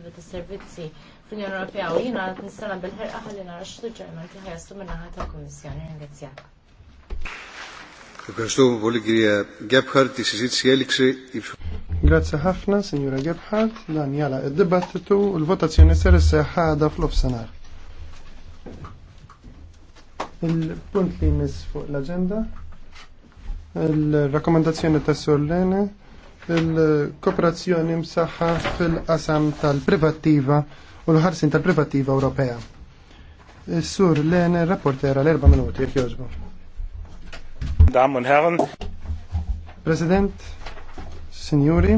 Iva tas-servizzi fl-Unjoni Ewropea u jiena qed nistenna bil-ħerqa ħalli nara x'suġġerimenti ħajaslu min-naħa tal-Kummissjoni. Ringrazzjak. Ευχαριστούμε πολύ κυρία Γκέπχαρτ. Η συζήτηση έληξε. Grazie ħafna, signora Gebhardt, dan jala id-dibattitu u l-votazzjoni s-sar s seħħada fl-ofsenar. of Il-punt li jmiss fuq l-agenda, il rakomendazzjoni tas-sur l Sorlene, il-kooperazzjoni msaħħa fil-qasam tal-privattiva u l-ħarsin tal-privattiva Ewropea. Sur Lene, rapportera l-erba minuti, jek jożbu. Dam un herren. President, signori,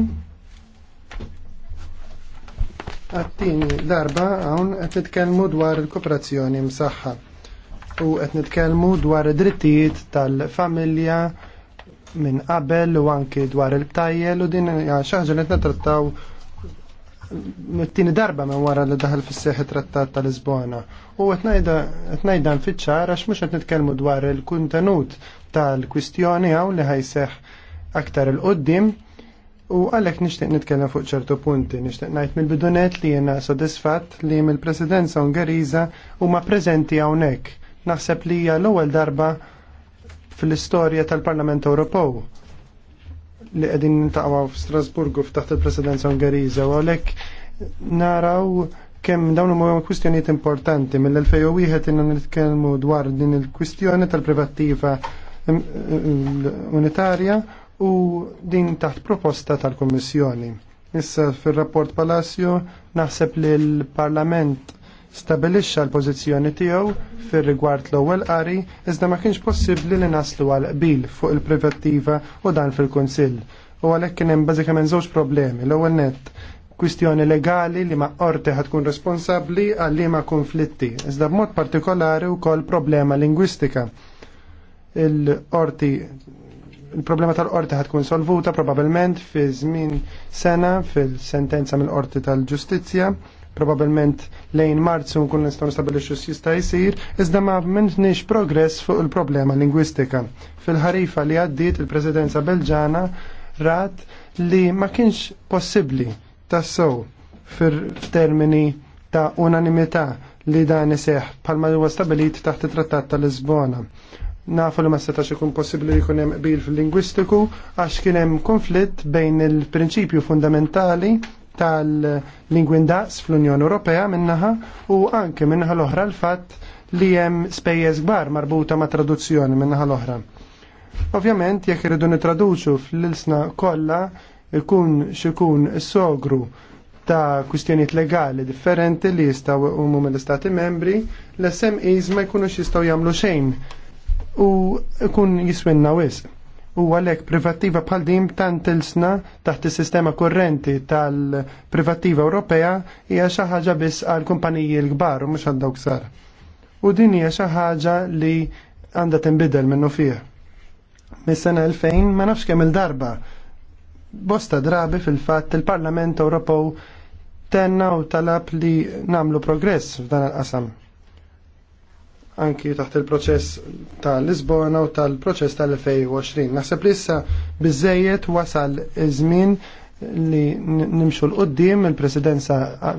għattini darba għawn għet nitkelmu dwar il-kooperazzjoni msaħħa u għet nitkelmu dwar id-drittijiet tal-familja, minn qabel u anki dwar il btajjel u din xaħġa li trattaw mit tini darba minn wara li daħal fis-seħi trattat ta' Lisbona. U qed ngħidha nfittxar għax mhux qed nitkellmu dwar il-kuntenut tal-kwistjoni hawn li ħajseħ aktar il-qoddim u għalhekk nixtieq nitkellem fuq ċertu punti. Nixtieq ngħid mill-bidunet li jiena sodisfatt li mill-Presidenza Ungeriża huma preżenti hawnhekk. Naħseb li hija l-ewwel darba fil-istorja tal-Parlament Ewropew li qegħdin nintaqgħu f'Strasburgu f'taħt il-Presidenza Ungeriża u għalhekk naraw kemm dawn huma kwistjonijiet importanti mill-2001 inna nitkellmu dwar din il-kwistjoni tal-privattiva unitarja u din taħt proposta tal-Kommissjoni. Issa fil-rapport Palacio naħseb li l-Parlament stabilixxa l-pożizzjoni tiegħu fir-rigward l-ewwel qari iżda ma kienx possibbli li naslu għal qbil fuq il-privattiva u dan fil-Kunsill. U għalhekk kien hemm bażikament żewġ problemi. L-ewwel nett kwistjoni legali li ma' qorti ħatkun responsabbli għal liema konflitti, iżda b'mod partikolari wkoll problema lingwistika. Il-qorti il-problema tal-qorti ħatkun solvuta probabilment fi żmien sena fil-sentenza mill-qorti tal-ġustizzja probabilment lejn marzu nkun nistgħu nistabilixxu jista' jsir, iżda ma m'għandniex progress fuq il-problema lingwistika. Fil-ħarifa li għaddiet il-Presidenza Belġana rat li ma kienx possibbli tassew fir-termini ta' unanimità li dan iseħħ bħalma huwa stabilit taħt it-Trattat ta' Lisbona. Nafu li ma setax ikun possibbli li jkun hemm qbil fil-lingwistiku għax kien hemm konflitt bejn il-prinċipju fundamentali tal-lingwindaqs fl-Unjoni Ewropea minnaħa u anke minnaħa l-oħra l-fatt li hemm spejjeż kbar marbuta ma' traduzzjoni minnaħa l-oħra. Ovvjament jekk irridu nitraduċu fl-ilsna kollha ikun xikun sogru ta' kwistjonijiet legali differenti li jistgħu umu l istati membri, l-SMEs ma jkunux jistgħu jagħmlu xejn u ikun jiswinna wisq u għalek privattiva bħal din tant ilsna taħt is-sistema kurrenti tal-privattiva Ewropea hija xi ħaġa biss għal kumpaniji l-kbar u mhux għal dawk sar. U din hija xi ħaġa li għandha tinbidel minnu fih. Mis-sena 2000 ma nafx kemm il-darba bosta drabi fil-fatt il-Parlament Ewropew tenna u talab li namlu progress f'dan il-qasam anki taħt il-proċess tal-Lisbona u tal-proċess tal-2020. Naħseb li issa biżejjed wasal iż-żmien li nimxu l-qoddim il-presidenza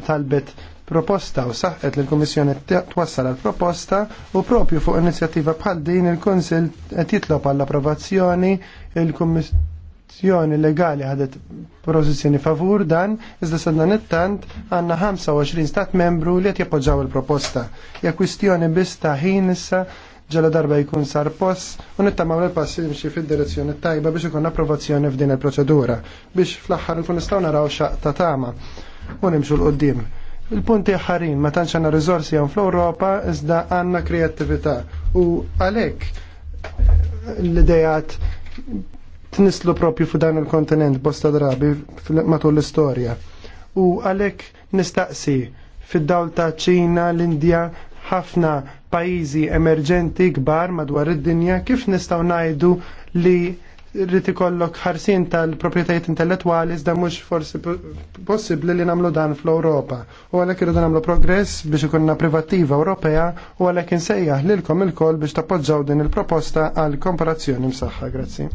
talbet proposta u saħqet li l-Komissjoni twassal għal-proposta u propju fuq inizjattiva bħal din il-Konsil jitlob għall-approvazzjoni il kummissjoni l legali ħadet prożizzjoni favur dan, iżda sadna nittant għanna 25 stat membru li qed jappoġġaw il-proposta. Ja kwistjoni biss ta' ħin issa ġala darba jkun sar post u nittamaw l-pass jimxi fid-direzzjoni tajba biex ikun approvazzjoni f'din il-proċedura biex fl-aħħar nkun nistgħu naraw xaq ta' tama u nimxu l-qoddim. Il-punti ħarin ma tantx għandna rizorsi hawn fl-Ewropa iżda għandna kreattività u għalhekk l-idejat tnislu propju fu dan il-kontinent bosta drabi matul l-istorja. U għalek nistaqsi fid-dawl ta' ċina, l-Indja, ħafna pajizi emerġenti kbar madwar id-dinja, kif nistaw najdu li rrit ikollok ħarsin tal propietajiet intellettuali iżda mhux forsi possibbli li nagħmlu dan fl-Ewropa. U għalhekk irridu nagħmlu progress biex ikunna privattiva Ewropea u għalhekk insejjaħ lilkom ilkoll biex tappoġġaw din il-proposta għal komparazzjoni msaħħa. Grazzi.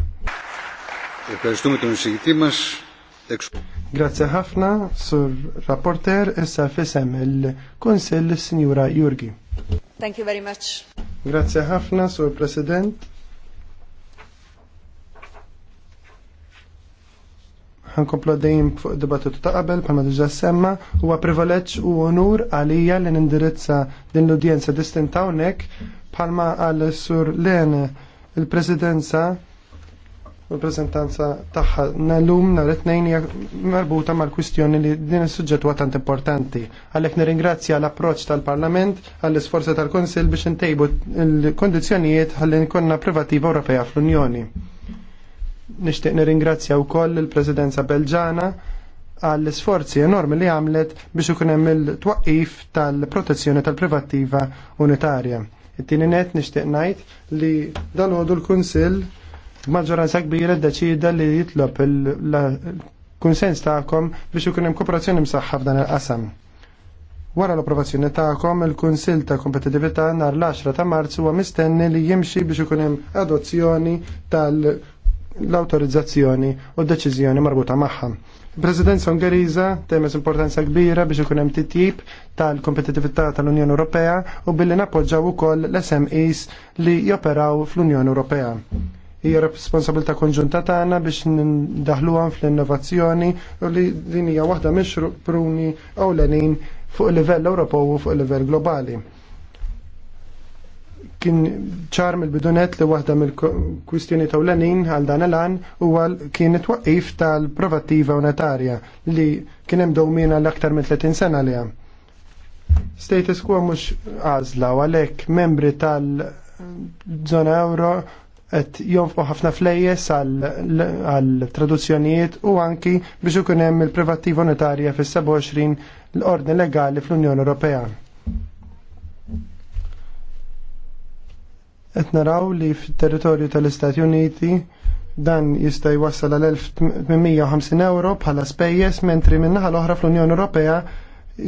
Grazie ħafna sur rapporter issa fisem il-Konsill Sinjura Jurgi. Thank you very much. Grazie ħafna sur President. Għan ħankomplu dejjem fuq dibattitu ta' qabel pa' diġà semma u għaprivaleċ u onur għalija li n-indirizza din l-udjenza distintawnek, palma għal sur l Lene il-Presidenza rappresentanza taħħa nalum nhar it-tnejn hija marbuta mal-kwistjoni li din is-suġġett huwa tant importanti. Għalhekk nirringrazzja l-approċċ tal-Parlament għall-isforzi tal-Kunsill biex intejbu l-kondizzjonijiet ħalli nkunna privativa Ewropea fl-Unjoni. Nixtieq nirringrazzja wkoll il-Presidenza Belġana għall-isforzi enormi li għamlet biex ikun hemm il-twaqqif tal-protezzjoni tal-privattiva unitarja. It-tieni nett nixtieq ngħid li dan l-Kunsill maġġoranza kbira d-deċida li jitlob il-kunsens tagħkom biex ikun hemm kooperazzjoni msaħħa f'dan il-qasam. Wara l-approvazzjoni tagħkom il-Kunsill ta' Kompetitività nhar l-10 ta' Marzu huwa mistenni li jimxi biex ikun hemm adozzjoni tal-awtorizzazzjoni u d-deċiżjoni marbuta magħha. Il-Presidenza Ungeriża temes importanza kbira biex ikun hemm titjib tal-kompetitività tal-Unjoni Ewropea u billi nappoġġaw ukoll l-SMEs li joperaw fl-Unjoni Ewropea hija responsabilità konġunta tagħna biex ndaħluhom fl-innovazzjoni u li din hija waħda pruni ewlenin fuq il livell Ewropew u fuq il livell globali. Kien ċar mill-bidunet li waħda mill-kwistjoni ewlenin għal dan l-an u għal kien it-twaqif tal-provattiva unetarja li kien hemm dowmina l-aktar minn 30 sena li hemm. Status quo mhux għażla u għalhekk membri tal- zona euro qed jonfqu ħafna flejjes għal traduzzjonijiet u anki biex ikun hemm il privati monetarja fis-27 l-ordni legali fl-Unjoni Ewropea. Qed naraw li fit-territorju tal-Istati Uniti dan jista' jwassal għal 1850 euro bħala spejjeż mentri min-naħa l-oħra fl-Unjoni Ewropea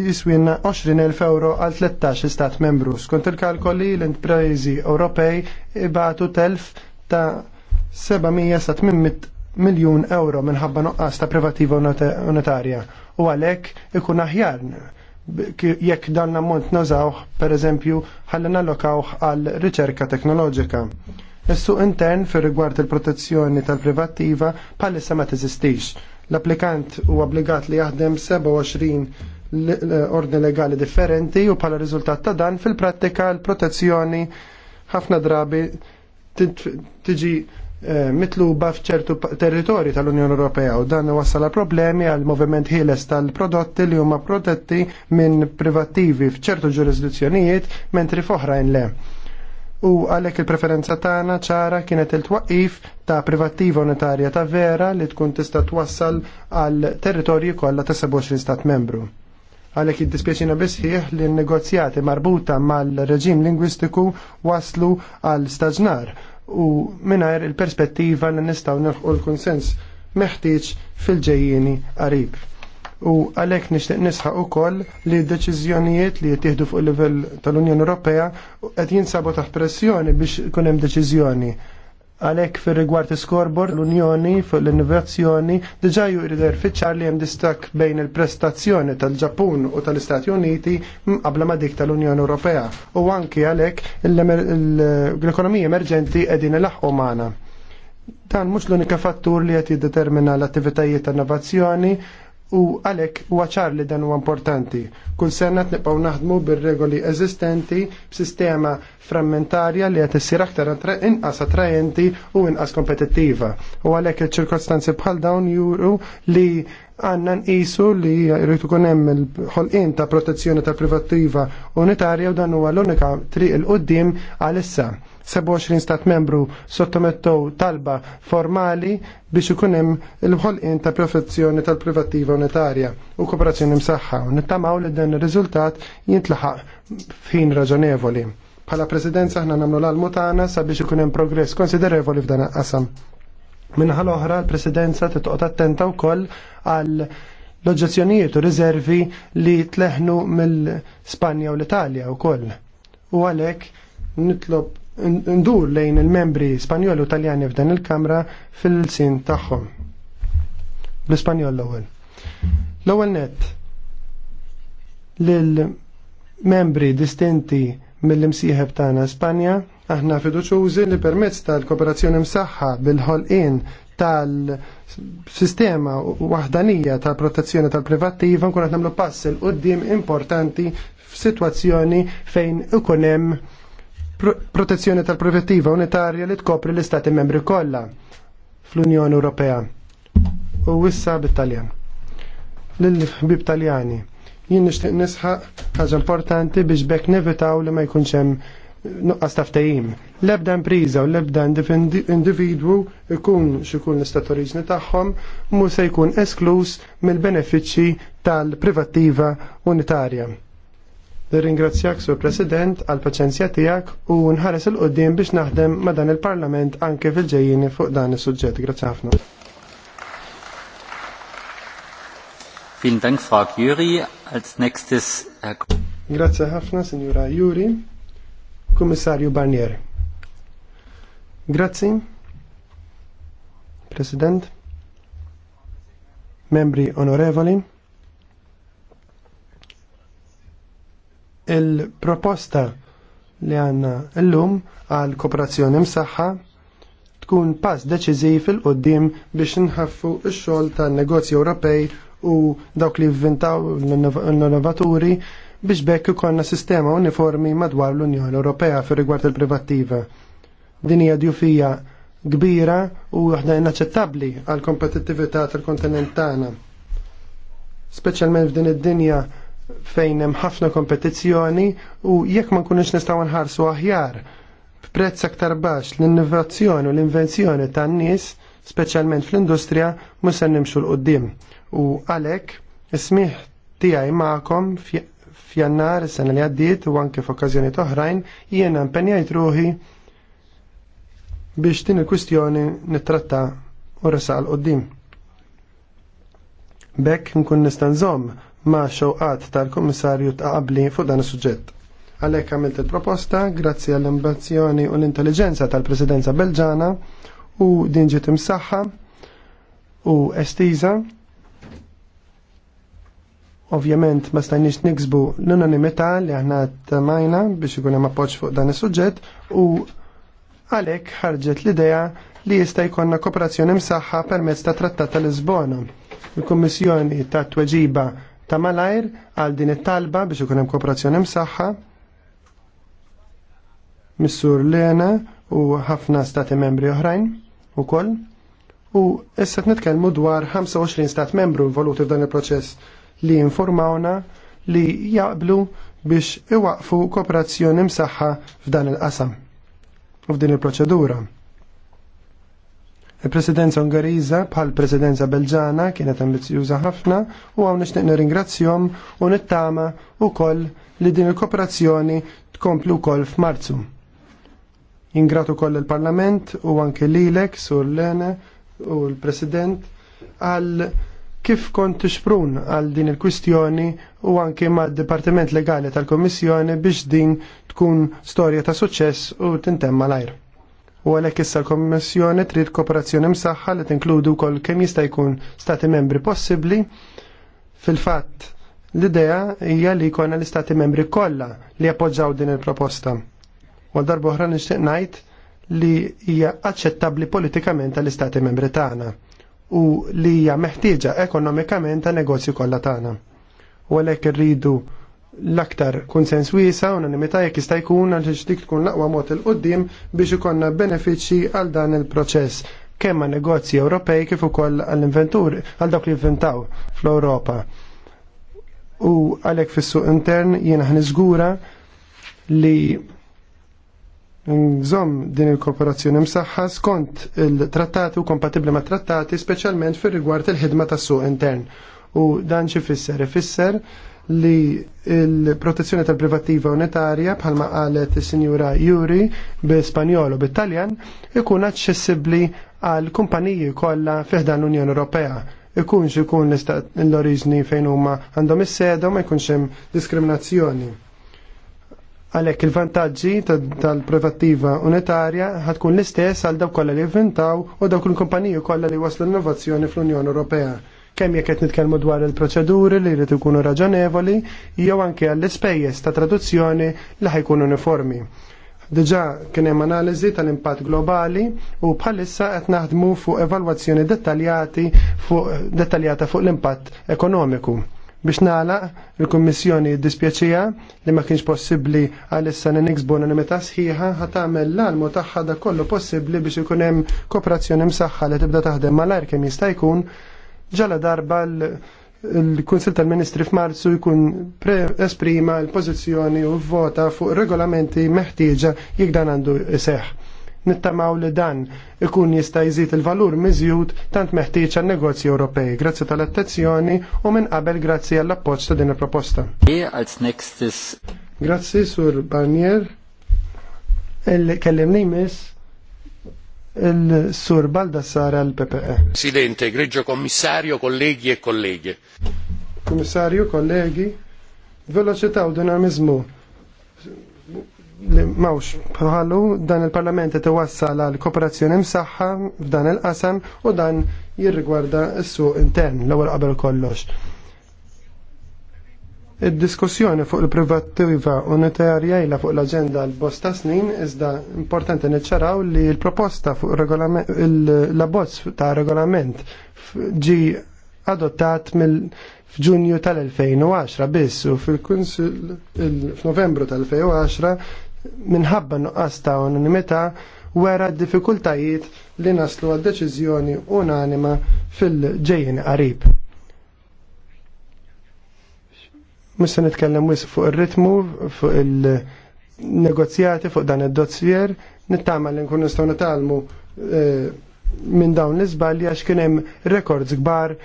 jiswinna 20.000 euro għal 13 stat membru. Skont il-kalkoli l-imprejzi Ewropej ibatu telf ta' 700 sa 800 miljun euro minħabba nuqqas ta' privativa unitarja u għalhekk ikun aħjar jekk dan l-ammont per pereżempju ħalli nallokawh għal riċerka teknoloġika. Is-suq intern fir rigward il-protezzjoni tal-privattiva bħalissa ma teżistix. L-applikant u obbligat li jaħdem 27 ordni legali differenti u bħala riżultat ta' dan fil-prattika l-protezzjoni ħafna drabi tiġi mitluba f'ċertu territori tal-Unjoni Ewropea u dan wassala problemi għal moviment ħieles tal-prodotti li huma protetti minn privattivi f'ċertu ġurisdizzjonijiet mentri f'oħrajn le. U għalhekk il-preferenza tagħna ċara kienet il-twaqqif ta' privattiva unitarja ta' vera li tkun tista' twassal għal territorji kollha ta' 27 stat membru. Għalhekk jiddispjaċina bisħiħ li n-negozjati marbuta mal-reġim lingwistiku waslu għal staġnar u mingħajr il-perspettiva li nistgħu nilħqu l-konsens meħtieġ fil ġejjini qarib. U għalhekk nixtieq nisħaq ukoll li d-deċiżjonijiet li jittieħdu fuq il livell tal-Unjoni Ewropea qed jinsabu taħt pressjoni biex kunem hemm deċiżjoni Għalek fir rigward skorbor l-Unjoni fuq l-innovazzjoni diġa jurider fiċċar li hemm distak bejn il-prestazzjoni tal-Ġappun u tal-Istati Uniti qabla ma dik tal-Unjoni Ewropea u anki għalek l-ekonomija emerġenti qegħdin ilaħqu magħna. Dan mhux l-unika fattur li qed jiddetermina l-attivitajiet ta' innovazzjoni u għalek waċar li dan u importanti. Kull sena tnibqaw naħdmu bir-regoli eżistenti b'sistema frammentarja li qed issir aktar inqas attrajenti u inqas kompetittiva. U għalek il-ċirkostanzi bħal dawn juru li għanna nqisu li jrid ikun hemm il-ħolqien ta' protezzjoni ta' privattiva unitarja u dan huwa l-unika triq il-qudiem għal issa. 27 stat membru sottomettow talba formali biex ikun hemm il-ħolqien ta' profezzjoni tal-privattiva unitarja u kooperazzjoni msaħħa u nittamaw li dan ir-riżultat jintlaħaq f'ħin raġonevoli. Bħala presidenza aħna nagħmlu l-almu tagħna sabiex ikun hemm progress konsiderevoli f'dan qasam. l oħra l-presidenza titqgħod attenta wkoll għal l-oġġezzjonijiet u riservi li tleħnu mill-Spanja u l-Italja wkoll. U għalhekk nitlob ndur lejn il-membri Spanjol u Taljani f'dan il-Kamra fil-sin tagħhom. Bl-Ispanjol l-ewwel. L-ewwel net lill-membri distinti mill-imsieħeb tagħna Spanja, aħna fiduċużi li permezz tal-kooperazzjoni msaħħa bil-ħolqien tal-sistema waħdanija tal-protezzjoni tal-privattiva nkun qed nagħmlu pass il qudiem importanti f'sitwazzjoni fejn ikun hemm protezzjoni tal-privettiva unitarja li tkopri l-Istati membri kollha fl-Unjoni Ewropea. U wissa bit-Taljan. Lill-ħbib Taljani. Jien nixtieq nisħaq ħaġa importanti biex bekk nevitaw li ma jkunx hemm nuqqas ta' ftehim. L-ebda impriża u l-ebda individwu ikun xikun l-istat oriġni tagħhom mu se jkun esklus mill-benefiċċji tal-privattiva unitarja. Nirringrazzjak sur President għal paċenzja tiegħek u nħares il qudiem biex naħdem ma' dan il-Parlament anke fil-ġejjini fuq dan is-suġġett. Grazzi ħafna. Vielen Dank, Frau Juri. Als nächstes Herr Grazie ħafna, Signora Juri. Kommissarju Barnier. Grazzi. President. Membri onorevoli. il-proposta li għanna l-lum għal kooperazzjoni msaħħa tkun pass deċiżiv il-qoddim biex nħaffu x-xogħol tan-negozji Ewropej u dawk li vvintaw l-innovaturi biex bekk ikollna sistema uniformi madwar l-Unjoni Ewropea fir rigward il-privattiva. Din hija djufija kbira u waħda inaċċettabbli għal kompetittività tal-kontinent tagħna. Speċjalment f'din id-dinja fejn hemm ħafna kompetizzjoni u jekk ma nkunux nistgħu nħarsu aħjar b'prezz aktar baxx l-innovazzjoni u l-invenzjoni tan-nies, speċjalment fl-industrija, mhux se nimxu l qudiem U għalhekk ismih tiegħi magħkom f'jannar is-sena li għaddiet u anke f'okkażjoni oħrajn jiena impenjajt ruħi biex din il-kwistjoni nittratta u resaq l qudiem Bekk nkun nista' nżomm ma' xewqat tal-Kummissarju ta' qabli fuq dan is-suġġett. Għalhekk għamilt il-proposta grazzi għall-imbazzjoni u l-intelligenza tal-Presidenza Belġana u din ġiet imsaħħa u estiża. Ovvjament ma stajniex niksbu l-unanimità li aħna tmajna biex ikun hemm appoġġ fuq dan is-suġġett u għalhekk ħarġet l-idea li jista' jkollna kooperazzjoni msaħħa permezz ta' Trattat ta' Lisbona. Il-Kummissjoni ta' tweġiba ta' malajr għal din it-talba biex ikun hemm kooperazzjoni msaħħa missur Lena u ħafna stati membri oħrajn ukoll. U issa nitkellmu dwar 25 stat membru involuti f'dan il-proċess li informawna li jaqblu biex iwaqfu kooperazzjoni msaħħa f'dan il-qasam u f'din il-proċedura. Il-presidenza Ungariża bħal presidenza Belġana kienet ambizjuża ħafna u għaw nixtieq nirringrazzjom u nittama wkoll li din il-kooperazzjoni tkompli wkoll f'Marzu. Ingratu koll il-Parlament u anke lilek sur Lene u l-President għal kif kont tixprun għal din il-kwistjoni u anke ma' Dipartiment Legali tal-Kommissjoni biex din tkun storja ta' suċċess u tintemma l-ajr u għalhekk issa l-Kommissjoni trid kooperazzjoni msaħħa li tinkludu wkoll kemm jista' jkun stati membri possibbli. Fil-fatt, l-idea hija li jkollna l-istati membri kollha li appoġġaw din il-proposta. U darba oħra nixtieq ngħid li hija aċċettabbli politikament għall-istati membri tagħna u li hija meħtieġa ekonomikament għan negozju kollha tagħna. U għalhekk irridu l-aktar konsens wiesa u nanimita jek jista' jkun għal dik tkun l-aqwa mod il-qoddim biex ikonna benefiċċji għal dan il-proċess kemm ma' negozji Ewropej kif ukoll għall-inventuri għal dawk li inventaw fl-Ewropa. U għalhekk fis-suq intern jiena ħniżgura li nżomm din il-korporazzjoni msaħħa skont il-trattati u kompatibbli ma' trattati speċjalment fir-rigward il-ħidma tas-suq intern. U dan xi fisser ifisser li il-protezzjoni tal-privattiva unitarja bħalma qalet is-sinjura Juri bi-Spanjol u taljan ikun aċċessibbli għal kumpaniji kollha fiħdan l-Unjoni Ewropea. Ikunx ikun l-oriġni fejn huma għandhom is-seda u ma jkunx hemm diskriminazzjoni. Għalhekk il-vantaġġi tal-privattiva unitarja ħatkun l-istess għal dawk kollha li jivvintaw u dawk il-kumpaniji kollha li waslu l-innovazzjoni fl-Unjoni Ewropea kemm jekk qed nitkellmu dwar il-proċeduri li jrid ikunu raġonevoli jew anke għall-ispejjeż ta' traduzzjoni li ħajkun uniformi. Diġà kien hemm analiżi tal-impatt globali u bħalissa qed naħdmu fuq evalwazzjoni dettaljati fuq dettaljata fuq l-impatt ekonomiku. Biex nagħlaq, il-Kummissjoni dispjaċija li ma kienx possibbli għalissa li niksbu anonimità sħiħa ħat tagħmel l-almu tagħha dak kollu possibbli biex ikun hemm kooperazzjoni msaħħa li tibda taħdem malajr kemm jista' jkun Ġala darba l-Kunsil tal-Ministri f'Marzu jkun esprima l-pożizzjoni u vota fuq regolamenti meħtieġa jekk dan għandu seħ. Nittamaw li dan ikun jista' jżid il-valur miżjud tant meħtieġa għan negozji Ewropej. Grazzi tal-attenzjoni u minn qabel grazzi għall-appoġġ ta' din il-proposta. Grazzi sur Barnier. Il-kellimni miss il-sur Baldassara l-PPE. E. Presidente, greġo kommissarju, kollegi e kollegi. Kommissarju, kollegi, veloċità u dinamizmu li mawx bħalu dan il-parlament qed iwassal għal kooperazzjoni msaħħa f'dan il-qasam u dan jirrigwarda s-suq intern l-ewwel qabel kollox. Id-diskussjoni fuq il-privattiva unitarja ila fuq l-agenda l-bosta snin iżda importanti niċċaraw li l-proposta fuq l-abbozz ta' regolament ġi adottat mill f'Ġunju tal-2010 biss u fil-Kunsil f'Novembru tal-2010 minħabba nuqqas ta' unanimità wera d-diffikultajiet li naslu għad deċiżjoni unanima fil-ġejjin qarib. Mux nitkellem wis fuq ir-ritmu, fuq il-negozjati, fuq dan id-dozzjer, nittama li nkun nistgħu nitalmu e, minn dawn l-iżbalji għax kien hemm rekords kbar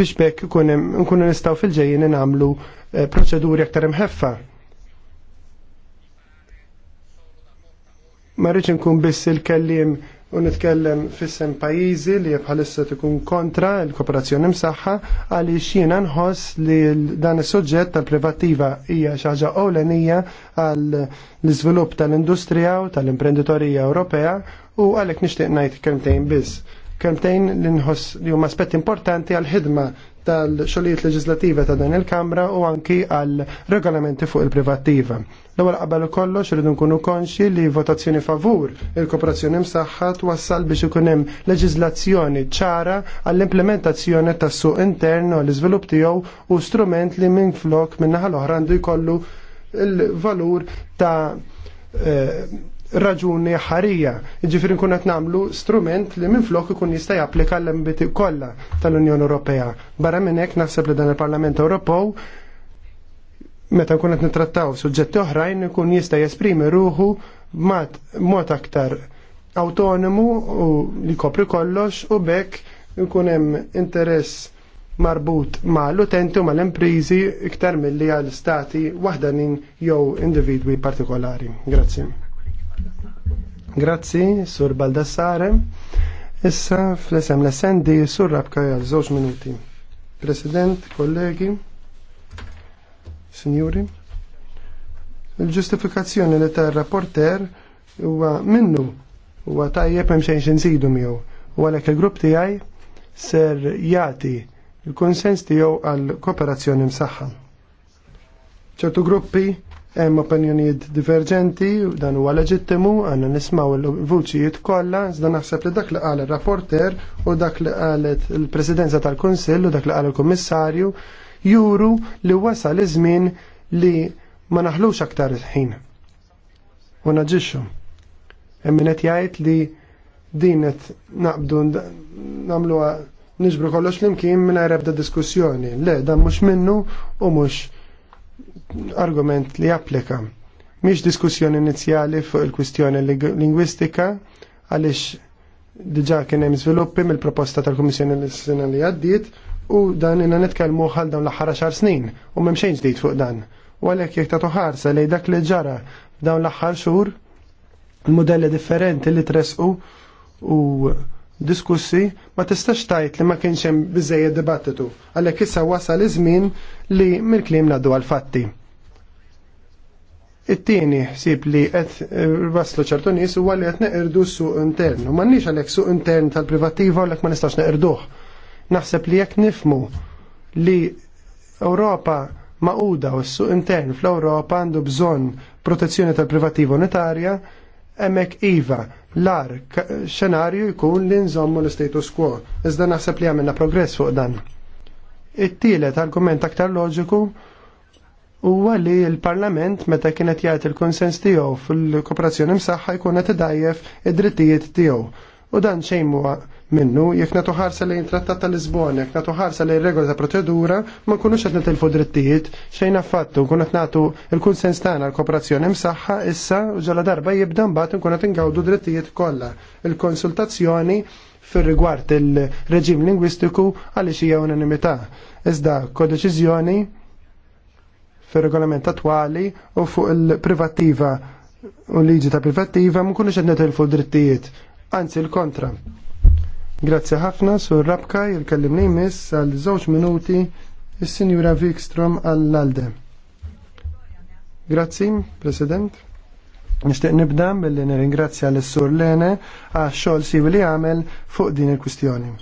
biex bekk nkunu nistgħu fil-ġejjin nagħmlu e, proċeduri aktar imħeffa. Ma rridx nkun biss il-kellim u nitkellem fissem pajizi li bħalissa tkun kontra l-kooperazzjoni msaħħa għaliex jiena nħoss li dan is-suġġett tal-privattiva hija xi ħaġa ewlenija għall iżvilupp tal-industrija u tal-imprenditorija Ewropea u għalhekk nixtieq ngħid kelmtejn biss. Kelmtejn li nħoss li huma aspett importanti għal ħidma tal-xogħlijiet leġislattiva ta' dan il-Kamra u anki għal regolamenti fuq il-privattiva. L-ewwel qabel kollox irridu nkunu konxi li votazzjoni favur il-kooperazzjoni msaħħa wassal biex ikun hemm leġiżlazzjoni ċara għall-implementazzjoni tas-suq intern u l-iżvilupp tiegħu u strument li minn flok minn naħa l-oħra għandu jkollu il-valur ta' eh, raġuni ħarija. Ġifiri nkun qed nagħmlu strument li minflok ikun jista' japplika l-ambiti kollha tal-Unjoni Ewropea. Barra minn hekk naħseb li dan il-Parlament Ewropew meta nkun qed nittrattaw suġġetti oħrajn ikun jista' jesprimi ruħu mod aktar autonomu u li kopri kollox u bekk ikun hemm interess marbut ma' l-utenti u ma' l-imprizi iktar mill-li għal stati wahdanin jew individwi partikolari. Grazie. Grazzi, Sur Baldassare. Issa, fl-esem l-essendi, Sur Rabka għal żewġ minuti. President, kollegi, signori, il-ġustifikazzjoni li ta' rapporter huwa minnu huwa tajjeb hemm xejn xinsidu miegħu. U għalhekk il-grupp tiegħi ser jati il-konsens tiegħu għal kooperazzjoni msaħħa. ċertu gruppi Hemm opinjonijiet diverġenti dan huwa leġittimu għandna nismaw il-vuċijiet kollha, iżda naħseb li dak li qal ir-rapporter u dak li qalet il-Presidenza tal-Kunsill u dak li qal il-Kummissarju juru li wasal iż-żmien li ma naħlux aktar ħin. U naġixxu. Hemm min qed jgħid li din qed naqbdu nagħmluha niġbru kollox flimkien mingħajr ebda diskussjoni. Le, dan mhux minnu u mhux argument li applika. Miex diskussjoni inizjali fuq il-kwistjoni lingwistika għaliex diġa kien hemm żviluppi mill-proposta tal-Kummissjoni l-sena li għaddiet u dan inna nitkellmu għal dawn l-aħħar xar snin u m'hemm xejn ġdid fuq dan. U għalhekk jekk tagħtu ħarsa lej dak li ġara f'dawn l-aħħar xhur il-modelli differenti li tresqu u diskussi ma tistax tajt li ma kienx hemm biżejjed dibattitu għalhekk issa wasal iż-żmien li mill-kliem ngħaddu għal-fatti. It-tieni ħsieb li qed eh, waslu ċertu nies huwa li qed neqirdu s-suq intern u m'għandniex għalhekk suq intern tal-privattiva għalhekk ma nistax neqirduh. Naħseb li jekk nifmu li Ewropa maquda u s-suq intern fl-Ewropa għandu bżonn protezzjoni tal-privattiva unitarja, emek iva l-ar xenarju jkun li nżommu l-status quo. Iżda naħseb li għamilna progress fuq dan. It-tielet argument aktar loġiku huwa li l-Parlament meta kienet jagħti il-konsens tiegħu fil-kooperazzjoni msaħħa jkun qed idajjef id-drittijiet tiegħu u dan xejn huwa minnu jekk nagħtu ħarsa lejn trattat tal-Lisbon, jekk nagħtu ħarsa lejn regola ta' proċedura, ma nkunux qed nitilfu drittijiet xejn affattu, nkun qed nagħtu l-kunsens tagħna l-kooperazzjoni msaħħa issa u ġala darba jibda mbagħad nkun qed ingawdu drittijiet kollha. Il-konsultazzjoni fir rigward il-reġim lingwistiku għaliex hija unanimità. Iżda kodeċiżjoni fir regolament attwali u fuq il-privattiva u liġi ta' privattiva ma kunux qed netilfu drittijiet anzi l-kontra. Grazzi ħafna sur Rabka jil kellimni mis jmiss għal żewġ minuti il-Sinjura Vikstrom għall-Alde. Grazzi, President. Nishtiq nibda billi nirringrazzja l sur Lene għax xogħol siwi li għamel fuq din il-kwistjoni.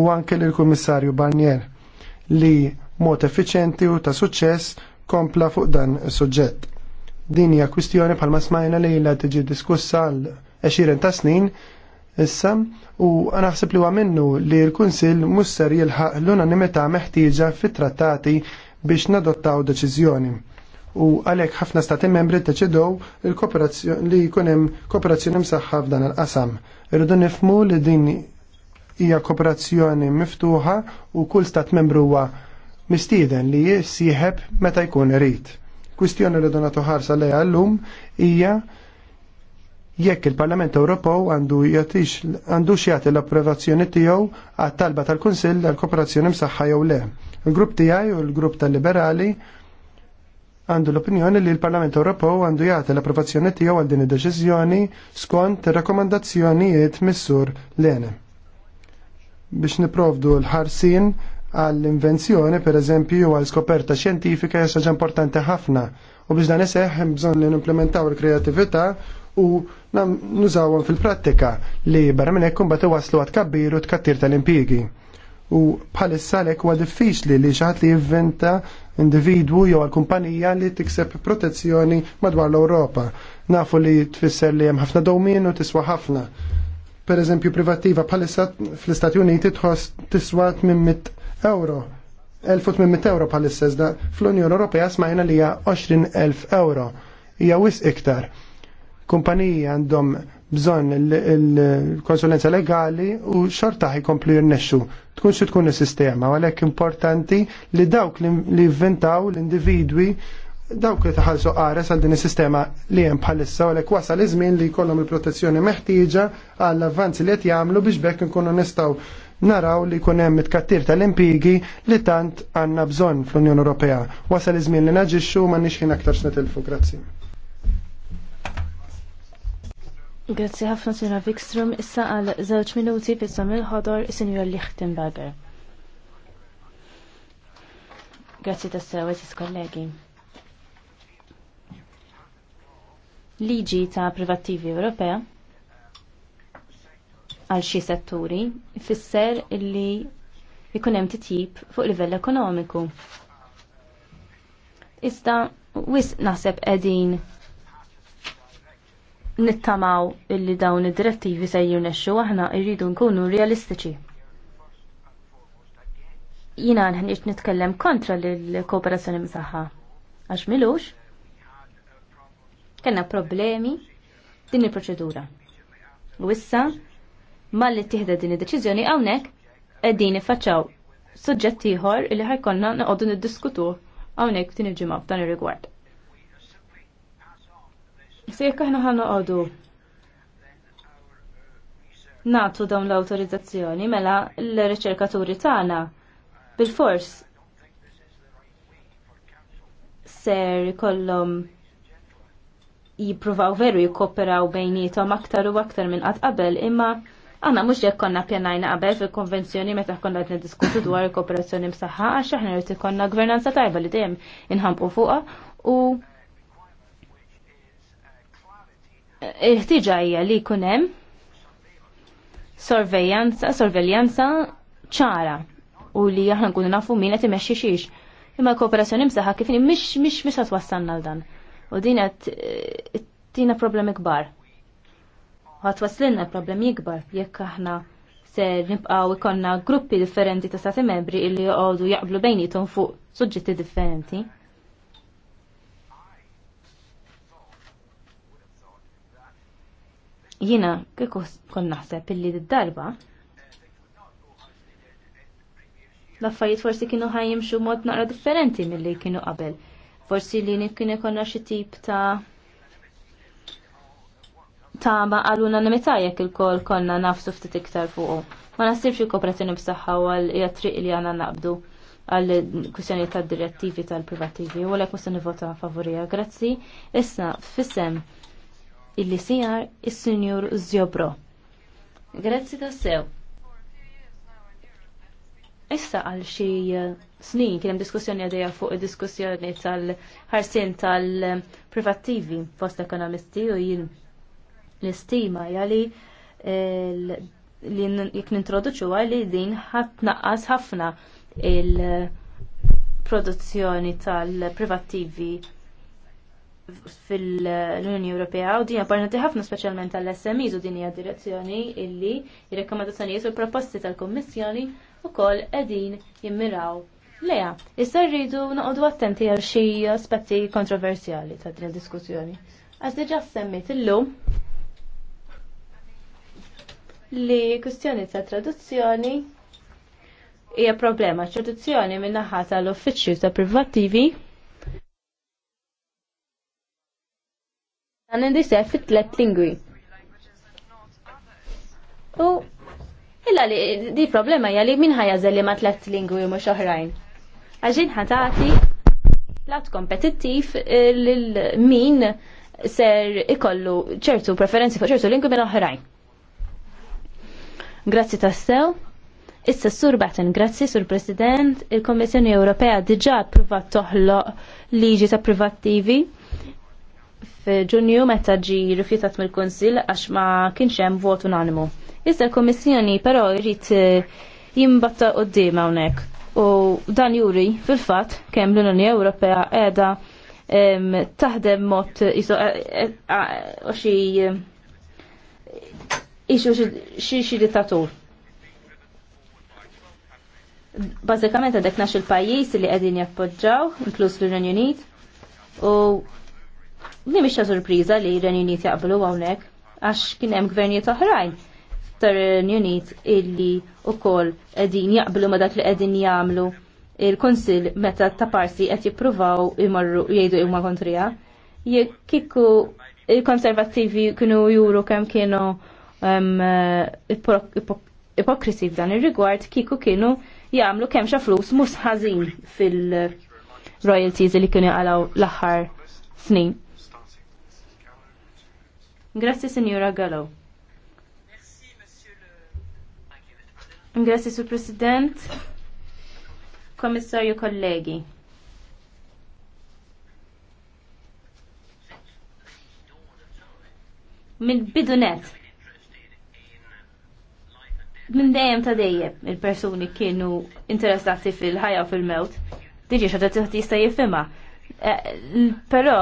U anke lill-Kummissarju Barnier li mod effiċenti u ta' suċċess kompla fuq dan is-suġġett. Din hija kwistjoni bħalma smajna li tiġi diskussa għal 20 ta' snin issa u naħseb li huwa minnu li l-Kunsill mhux ser jilħaq l-unanimità meħtieġa fit-trattati biex nadottaw deċiżjoni u għalhekk ħafna stati membri il-koperazzjoni li jkun hemm kooperazzjoni msaħħa f'dan il-qasam. Irridu nifmu li din hija kooperazzjoni miftuħa u kull stat membru huwa mistieden li jissieħeb meta jkun irid. Kwistjoni li donatu ħarsa lejha llum hija jekk il-Parlament Ewropew għandu għandu jagħti l-approvazzjoni tiegħu għat-talba tal-Kunsill tal kooperazzjoni msaħħa jew le. Il-grupp tiegħi u l-grupp tal-Liberali għandu l-opinjoni li l-Parlament Ewropew għandu jagħti l-approvazzjoni tiegħu għal din id-deċiżjoni skont ir-rakkomandazzjonijiet missur lene. Biex niprovdu l-ħarsin għall-invenzjoni, per eżempju, għal skoperta xjentifika hija importanti ħafna u biex dan iseħħ bżonn li nimplementaw il-kreatività u nużawhom fil-prattika li barra minn hekk imbagħad iwasslu għad kabbiru tkattir tal-impjiegi. U bħalissa għalhekk huwa diffiċli li xi ħadd li jivventa individwu jew għal kumpanija li tikseb protezzjoni madwar l-Ewropa. Nafu li tfisser li hemm ħafna dowmin u tiswa ħafna. Per eżempju privattiva bħalissa fl-Istati Uniti tħoss tiswa 800 euro 1800 euro pal-istess fl-Unjoni Ewropea smajna li hija 20,000 euro. Hija wis iktar kumpaniji għandhom bżon il-konsulenza legali u xorta komplu jirnexxu. Tkun xi tkun is-sistema, għalhekk importanti li dawk li jivventaw l-individwi dawk li taħalsu qares għal din is-sistema li hemm bħalissa għalhekk wasal iż-żmien li jkollhom il-protezzjoni meħtieġa għall avvanzi li qed jagħmlu biex bekk nkunu nistgħu naraw li jkun hemm it-kattir tal-impigi li tant għandna bżonn fl-Unjoni Ewropea. Wasal iż-żmien li naġixxu ma nixħin aktar snetilfu. Grazzi. Grazzi ħafna Sinra Wikström, issa għal żewġ minuti fissa mill-ħodor Sinjor Lichtenberger. Grazzi tassew, eżis kollegi. Liġi ta' privattivi Ewropea għal xi setturi ifisser illi jkun hemm titjib fuq livell ekonomiku. Iżda wis naħseb qegħdin nittamaw illi dawn id-direttivi se jirnexxu aħna jridu nkunu realistiċi. Jina nħanix nitkellem kontra l-kooperazzjoni msaħħa. Għax milux? Kenna problemi din il-proċedura. U issa, malli tiħda din id-deċiżjoni hawnhekk qegħdin iffaċċaw suġġetti ieħor li ħajkonna noqogħdu niddiskutuh hawnhekk din il-ġimgħa f'dan ir-rigward. Se jekk aħna ħan noqogħdu nagħtu dawn l-awtorizzazzjoni mela l-riċerkaturi tagħna bil-fors ser kollhom jippruvaw veru jikkoperaw bejnietom aktar u aktar minn qatt qabel imma Għanna mux jek konna pjanajna qabel fil-konvenzjoni meta konna qed diskutu dwar il-kooperazzjoni msaħħa għax aħna rrit konna gvernanza tajba li dejjem inħampu fuqa u il-ħtiġa hija li jkun hemm sorvejjanza, sorveljanza ċara u li aħna nkunu nafu min qed imexxi xiex. Imma kooperazzjoni msaħħa kif mhix mhix mhix qed wassalna għal dan. U din qed eh, tina problemi kbar. Ħadd waslinna problemi kbar jekk aħna se nibqgħu ikonna gruppi differenti ta' stati membri illi joqogħdu jaqblu bejnietom fuq suġġetti differenti. Jina kieku kon naħseb illi d-darba l-affarijiet forsi kienu ħajjimxu mod naqra differenti mill-li kienu qabel. Forsi li kien ikonna xi tip ta' ta' ma' għaluna unanimità jekk il-kol konna nafsu ftit iktar fuqu. Ma nasibx il-kooperazzjoni b'saħħa għal triq li għandna naqbdu għal kwistjoni tad direttivi tal-privativi u għal musta vota favorija. Grazzi. Issa, fissem illi sijar il-Sinjur Zjobro. Grazzi ta' sew. Issa għal xie eh, snin kienem diskussjoni għadija fuq diskussjoni tal-ħarsin tal-privattivi fost ekonomisti u jien l-istima jali li eh, jek nintroduċu għali din naqqas ħafna il-produzzjoni tal-privattivi fil-Unjoni Ewropea u din apparnati ħafna speċjalment għall-SMEs u din hija direzzjoni illi ir rekkomandazzjonijiet u l-proposti tal-Kummissjoni wkoll qegħdin jimmiraw Leja, issa rridu noqogħdu attenti għal xi aspetti kontroversjali ta' din diskussjoni. Għax diġà semmit illum li kwistjoni ta' traduzzjoni hija problema traduzzjoni min-naħa tal-uffiċċju ta' privattivi Dan indiseħ fit-tlet lingwi. U illa li di problema hija li min ħajażel li ma tlet lingwi mhux oħrajn. Għaxin ħatati plat kompetittiv eh, lil min ser ikollu ċertu preferenzi fuq ċertu lingwi minn oħrajn. Grazzi tassew. Issa Sur Batten, grazzi Sur President, il-Kommissjoni Ewropea diġa approvat toħloq liġi ta' privattivi f'Ġunju meta ġi rifjutat mill-Kunsill għax ma kienx hemm vot unanimu. Issa l-Kummissjoni però jrid eh, jimbatta qudiem hawnhekk. U dan juri fil-fatt kemm l-Unjoni Ewropea qiegħda taħdem mod iso eh, eh, ah, xi ixu xi dittatur. Bażikament għadek nax il-pajjiż li qegħdin jappoġġaw, inkluż l-Unjoni Unit, u Mimiex ta' sorpriża li r Unit jaqblu hawnhekk għax kien hemm gvernijiet oħrajn tar-Renju Unit illi wkoll qegħdin jaqblu ma dak li qegħdin jagħmlu il-Konsil meta ta' parsi qed jippruvaw imorru jgħidu imma kontrija. Kikku il-konservattivi kienu juru kemm kienu ipokrisi f'dan ir-rigward kieku kienu jagħmlu kemm xa flus mhux ħażin fil-royalties li kienu jaqalaw l-aħħar snin. Grazzi, Signora Gallo. Grazie Sur President, commissario, colleghi. Min bidunet. Min dejjem ta' dejjem il-persuni kienu interessati fil-ħajja u fil-mewt. Diġi xaġa tista' jifhimha. Eh, Pero,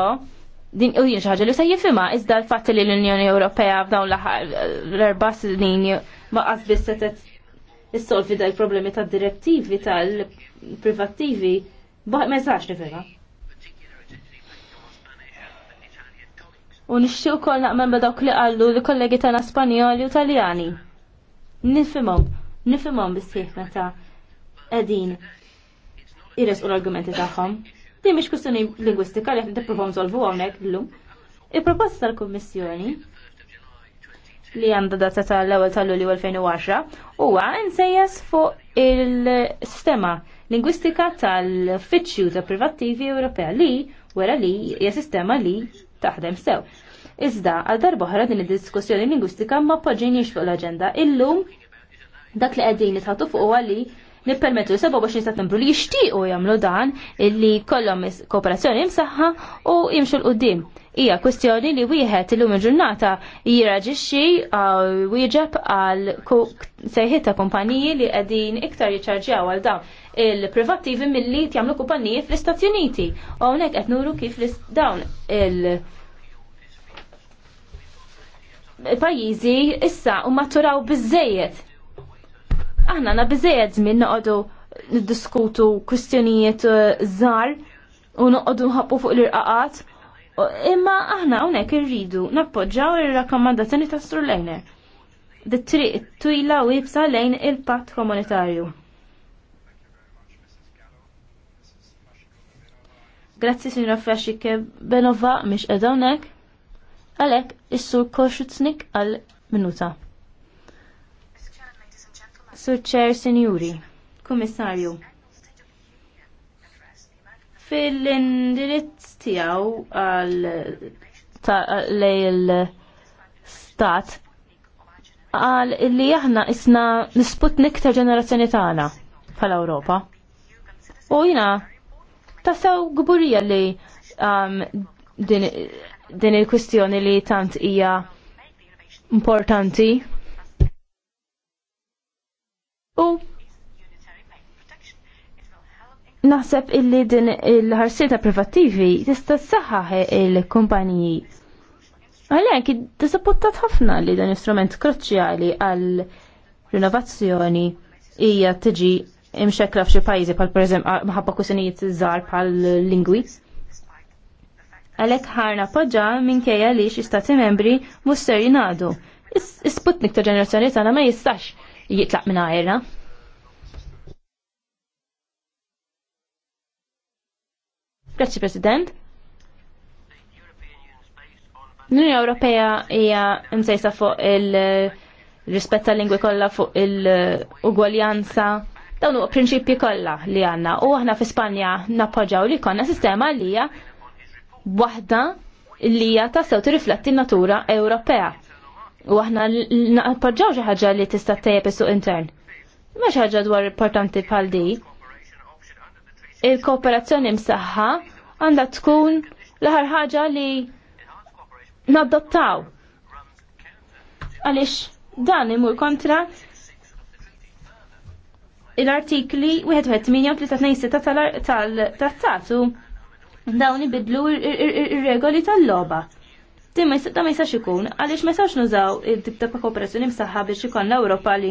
din u jien xaħġa li se jifhimha iżda l-fatt li l-Unjoni Ewropea f'dawn l-erba snin ma qasbis setet issolvi dal problemi tad direttivi tal-privattivi ma jistax nifhimha. U nixtieq ukoll naqmel ma dawk li qallu li kollegi tagħna Spanjoli u Taljani. Nifhimhom, nifhimhom bis-sieħ meta qegħdin iresqu l-argumenti tagħhom. Din mhix kwistjoni lingwistika li qed nippruvaw nsolvu hawnhekk illum. Il-proposta tal-Kummissjoni li għandha data tal-ewwel tal-Lulju 2010 huwa insejjes fuq il-sistema lingwistika tal-fittxju ta' privattivi Ewropea li wara li hija sistema li taħdem sew. Iżda għal darba din id-diskussjoni lingwistika ma poġġejniex fuq l-aġenda. Illum dak li qegħdin nitħatu fuq huwa li nippermettu seba biex nistat li jixtiequ jagħmlu dan illi kollhom kooperazzjoni msaħħa u jimxu l qudiem Hija kwestjoni li wieħed illum il-ġurnata jirraġixxi uh, wieġeb għal sejħiet ta' kumpaniji li qegħdin iktar jiċċarġjaw għal dawn il-privattivi milli jagħmlu kumpaniji fl-Istati Uniti. U hawnhekk qed nuru kif dawn il- pajizi issa u maturaw bizzejiet aħna na biżejjed żmien noqogħdu niddiskutu kwistjonijiet uh, żgħar u noqogħdu nħabbu fuq l-irqaqat. Imma aħna hawnhekk irridu nappoġġaw ir-rakkomandazzjoni ta' Strulejner. Dit-triq twila u jibsa lejn il-patt komunitarju. Grazzi Sinra Frashike Benova mish edonek. Alek, is-sur Koshutnik għal minuta. Suċċer Sinjuri, Kummissarju. Fil-indirizz tiegħu għal lej stat għal li aħna isna nisputnik ta' ġenerazzjoni tagħna bħala Ewropa. U jina tassew gburija li um, din, din il-kwistjoni li tant hija importanti U naħseb illi din il ta' privattivi tista' saħħaħ il-kumpaniji. Għalhekk disappuntat ħafna li dan istrument kruċjali għal rinnovazzjoni hija tiġi imxekla f'xi pajjiżi bħal pereżemp maħabba kusinijiet żgħar bħal lingwi. Għalhekk ħarna poġġa minkejja li xi stati membri mhux ser jingħadu. Is-sputnik ta' ġenerazzjoni tagħna ma jistax jitlaq minn għajra. Grazzi President. L-Unjoni Ewropea hija msejsa fuq il-rispett tal-lingwi kollha fuq il-ugwaljanza dawn huwa prinċipji kollha li għandna u aħna fi Spanja nappoġġaw li konna sistema li hija waħda li hija tassew tirrifletti n-natura Ewropea U aħna naqparġaw xi ħaġa li tista' tejjeb is-suq intern. Mhux ħaġa dwar importanti bħal di. Il-kooperazzjoni msaħħa għandha tkun l-aħħar ħaġa li nadottaw. Għaliex dan imur kontra l-artikli 1.8.3.6 tal-trattatu dawn bidlu ir-regoli tal-loba. Tim ma jistax ikun, għaliex ma jistax nużaw il-tip ta' kooperazzjoni msaħħa biex l Ewropa li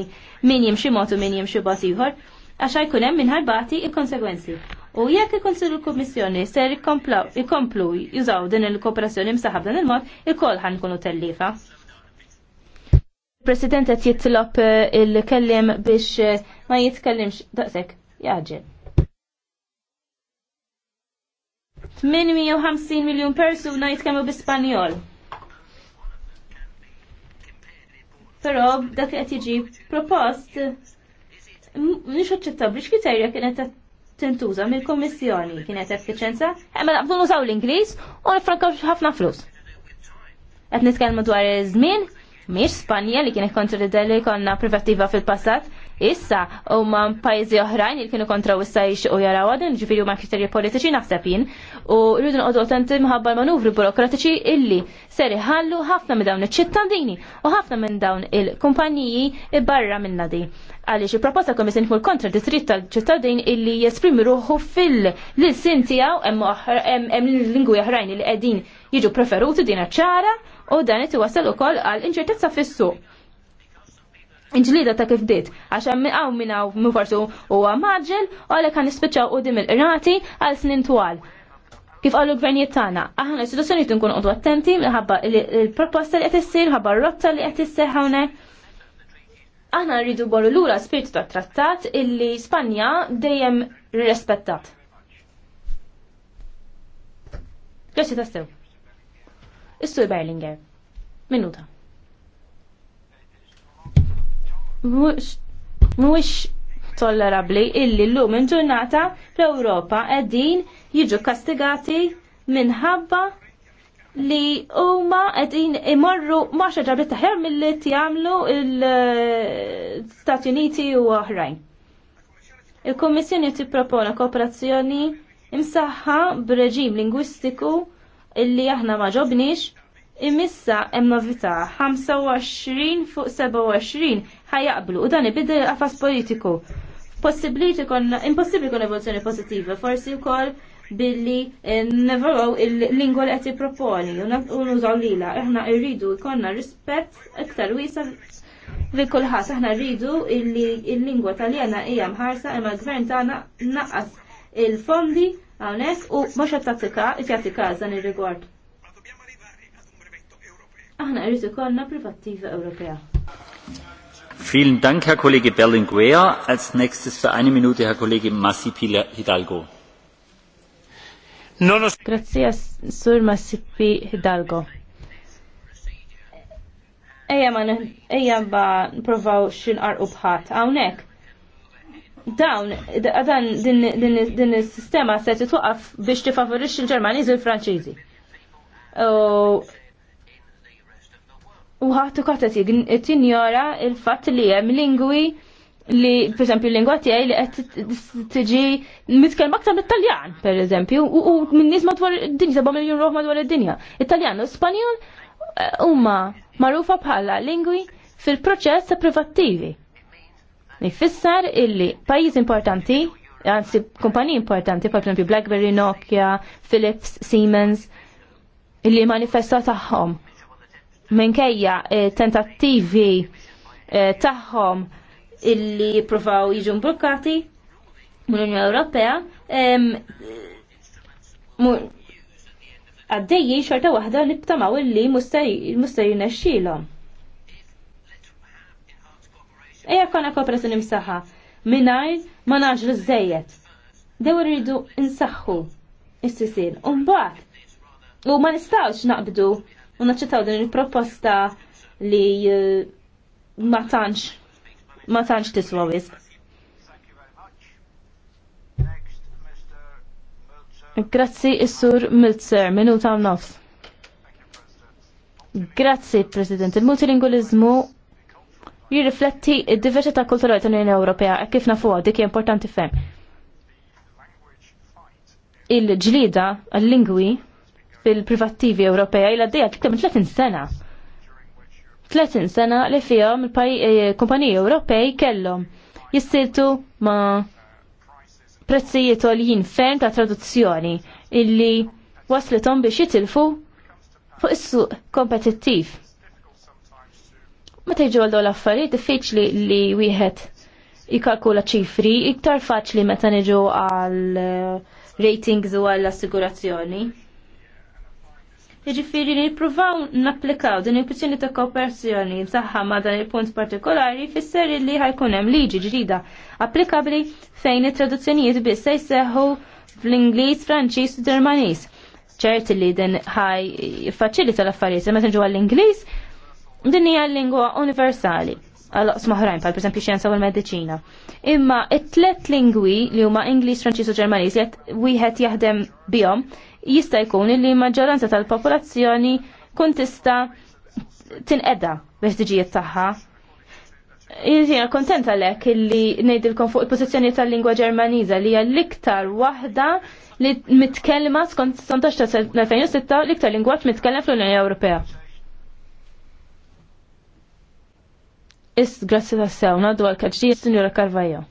min jimxi mod u min jimxi bot ieħor, għax jkun hemm minħarbati il-konsegwenzi. U jekk il-Konsilju l-Kummissjoni ser ikomplu jużaw din il-kooperazzjoni msaħħa b'dan il-mod, ikoll ħankunu tellifa. President qed jitlob eh, il-kellim biex eh, ma jitkellimx daqshekk jaġel. 850 miljon persuna jitkellmu bl-Ispanjol. Però dak li qed jiġi propost mhux aċċettabbli x'kriterja kienet tintuża mill kummissjoni kienet effiċenza, imma eh, mela, naqbdu nużaw l-Ingliż u nifrankaw ħafna flus. Qed nitkellmu dwar iż-żmien, mhix Spanja li kienet kontra li konna privattiva fil-passat, Issa huma pajjiżi oħrajn li kienu kontra issa u jaraw għadin u huma kriterji politiċi naħseb jien u rridu noqogħdu attenti mħabba manuvri burokratiċi illi seri ħallu ħafna minn dawn iċ-ċittadini u ħafna minn dawn il-kumpaniji barra minna di. Għaliex il-proposta komissin tmur kontra distritt tal-ċittadin illi jesprimi ruħu fil-lil-sin tiegħu hemm lingwi oħrajn li qegħdin jiġu preferuti din ċara u dan it wasal ukoll għal inċertezza fis-suq. Inġlida ta' kif dit, għax hemm hawn minn hawn minn huwa maġel u għalek għan nispiċċaw dim il-qrati għal snin twal. Kif qalu l-gvernijiet tagħna, aħna l-istituzzjonijiet nkunu qogħdu attenti minħabba il-proposta li qed issir, ħabba rotta li qed isseħ hawnhekk aħna rridu borru lura spiritu ta' trattat illi Spanja dejjem rispettat. Għaxi ta' sew. Is-Sur Berlinger. Minuta. mhuwiex tollerabbli illi llum il-ġurnata fl-Ewropa qegħdin jiġu kastigati minħabba li huma qegħdin imorru ma' xi ġabri taħjar milli jagħmlu l-Stati Uniti u oħrajn. Il-Kummissjoni tippropona kooperazzjoni imsaħħa b'reġim lingwistiku illi aħna ma ġobniex imissa hemm novità 25 fuq 27 ħajaqblu u dan ibidda qafas politiku. Possibbli tkun impossibbli tkun evoluzzjoni pożittiva, forsi wkoll billi eh, nevaw il-lingwa li qed proponi u nużaw lilha, Aħna rridu jkollna rispett iktar wiesa li kulħadd aħna rridu li l-lingwa taljana hija mħarsa imma l-gvern tagħna naqqas il-fondi hawnhekk u mhux qed jagħti każ dan ir-rigward aħna rrid ikollna privattiva Ewropea. Vielen Dank, Herr Kollege Berlinguer. Als nächstes für eine Minute Herr Kollege Massi Hidalgo. Grazie, Sur Massipi Hidalgo. Eja man, eja ba provaw xin ar bħat, għawnek. Dawn, dan din is-sistema se t-tuqaf biex tifavorixxi favorix ġermaniżi u l franċizi u ħatu katet tinjora il-fat li hemm lingwi li, per esempio, l-lingwa tiegħi li qed tiġi mitkellma aktar l taljan per eżempju, u minn nies madwar id-dinja, seba' miljun ruħ madwar id-dinja. It-Taljan u Spanjol eh, huma magħrufa bħala lingwi fil-proċess privattivi. Ifisser illi pajjiż importanti għansi kumpaniji importanti, per esempio BlackBerry, Nokia, Philips, Siemens, illi manifesta taħħom minkejja eh, tentattivi eh, tagħhom illi provaw jiġu mblukkati mill-Unjoni Ewropea għaddejji xorta waħda li btamaw illi mustaj jinexxilhom. Eja konna kooperazzjoni imsaħa, mingħajr ma nagħx riżejjed. Dew ridu insaħħu istisin. sisien Umbagħad u ma nistgħux naqbdu u naċċettaw din il-proposta li eh, ma tantx ma tantx tiswa wisq. Grazzi is-sur Milzer, minuta nofs. Grazzi, President. Il-multilingualizmu jirrifletti id-diversità kulturali tal-Unjoni Ewropea e kif nafuha dik hija importanti ferm. Il-ġlida għal-lingwi bil-privattivi Ewropea ila d-dija tiktem 30 sena. 30 sena li fihom il-kumpaniji eh, Ewropej kellhom jistiltu ma prezzijiet għoljin ferm ta' traduzzjoni illi waslitom biex jitilfu fuq is-suq kompetittiv. Meta teġu għal dawn affarijiet diffiċli li wieħed jikalkula ċifri, iktar faċli meta niġu għal eh, ratings u għall assigurazzjoni. Jiġifieri li nippruvaw napplikaw din il-kwistjoni ta' kooperazzjoni saħħa ma' dan il-punt partikolari fisser li ħajkun hemm liġi ġdida applikabbli fejn it-traduzzjonijiet biss se jseħħu fl-Ingliż, Franċiż u Ġermaniż. ċert li din ħaj faċili l-affarijiet se meta ġu għall-Ingliż din hija lingwa universali għal-oqs maħrajn, pal per xjenza u l-medicina. Imma it-tlet lingwi li huma Ingliż, Franċiż u Ġermaniż wieħed jaħdem bihom jista' jkun li maġġoranza tal-popolazzjoni kun tista' tinqeda biex tagħha. Jizina kontenta lek li nejdilkom fuq il-pozizjoni tal-lingwa ġermaniza li hija l-iktar waħda li mitkellma skont 19-2006 l-iktar lingwaġġ mitkellem fl-Unjoni Ewropea. Is grazzi ta' sew, naddu għal-kaġġi, Signora Carvajo.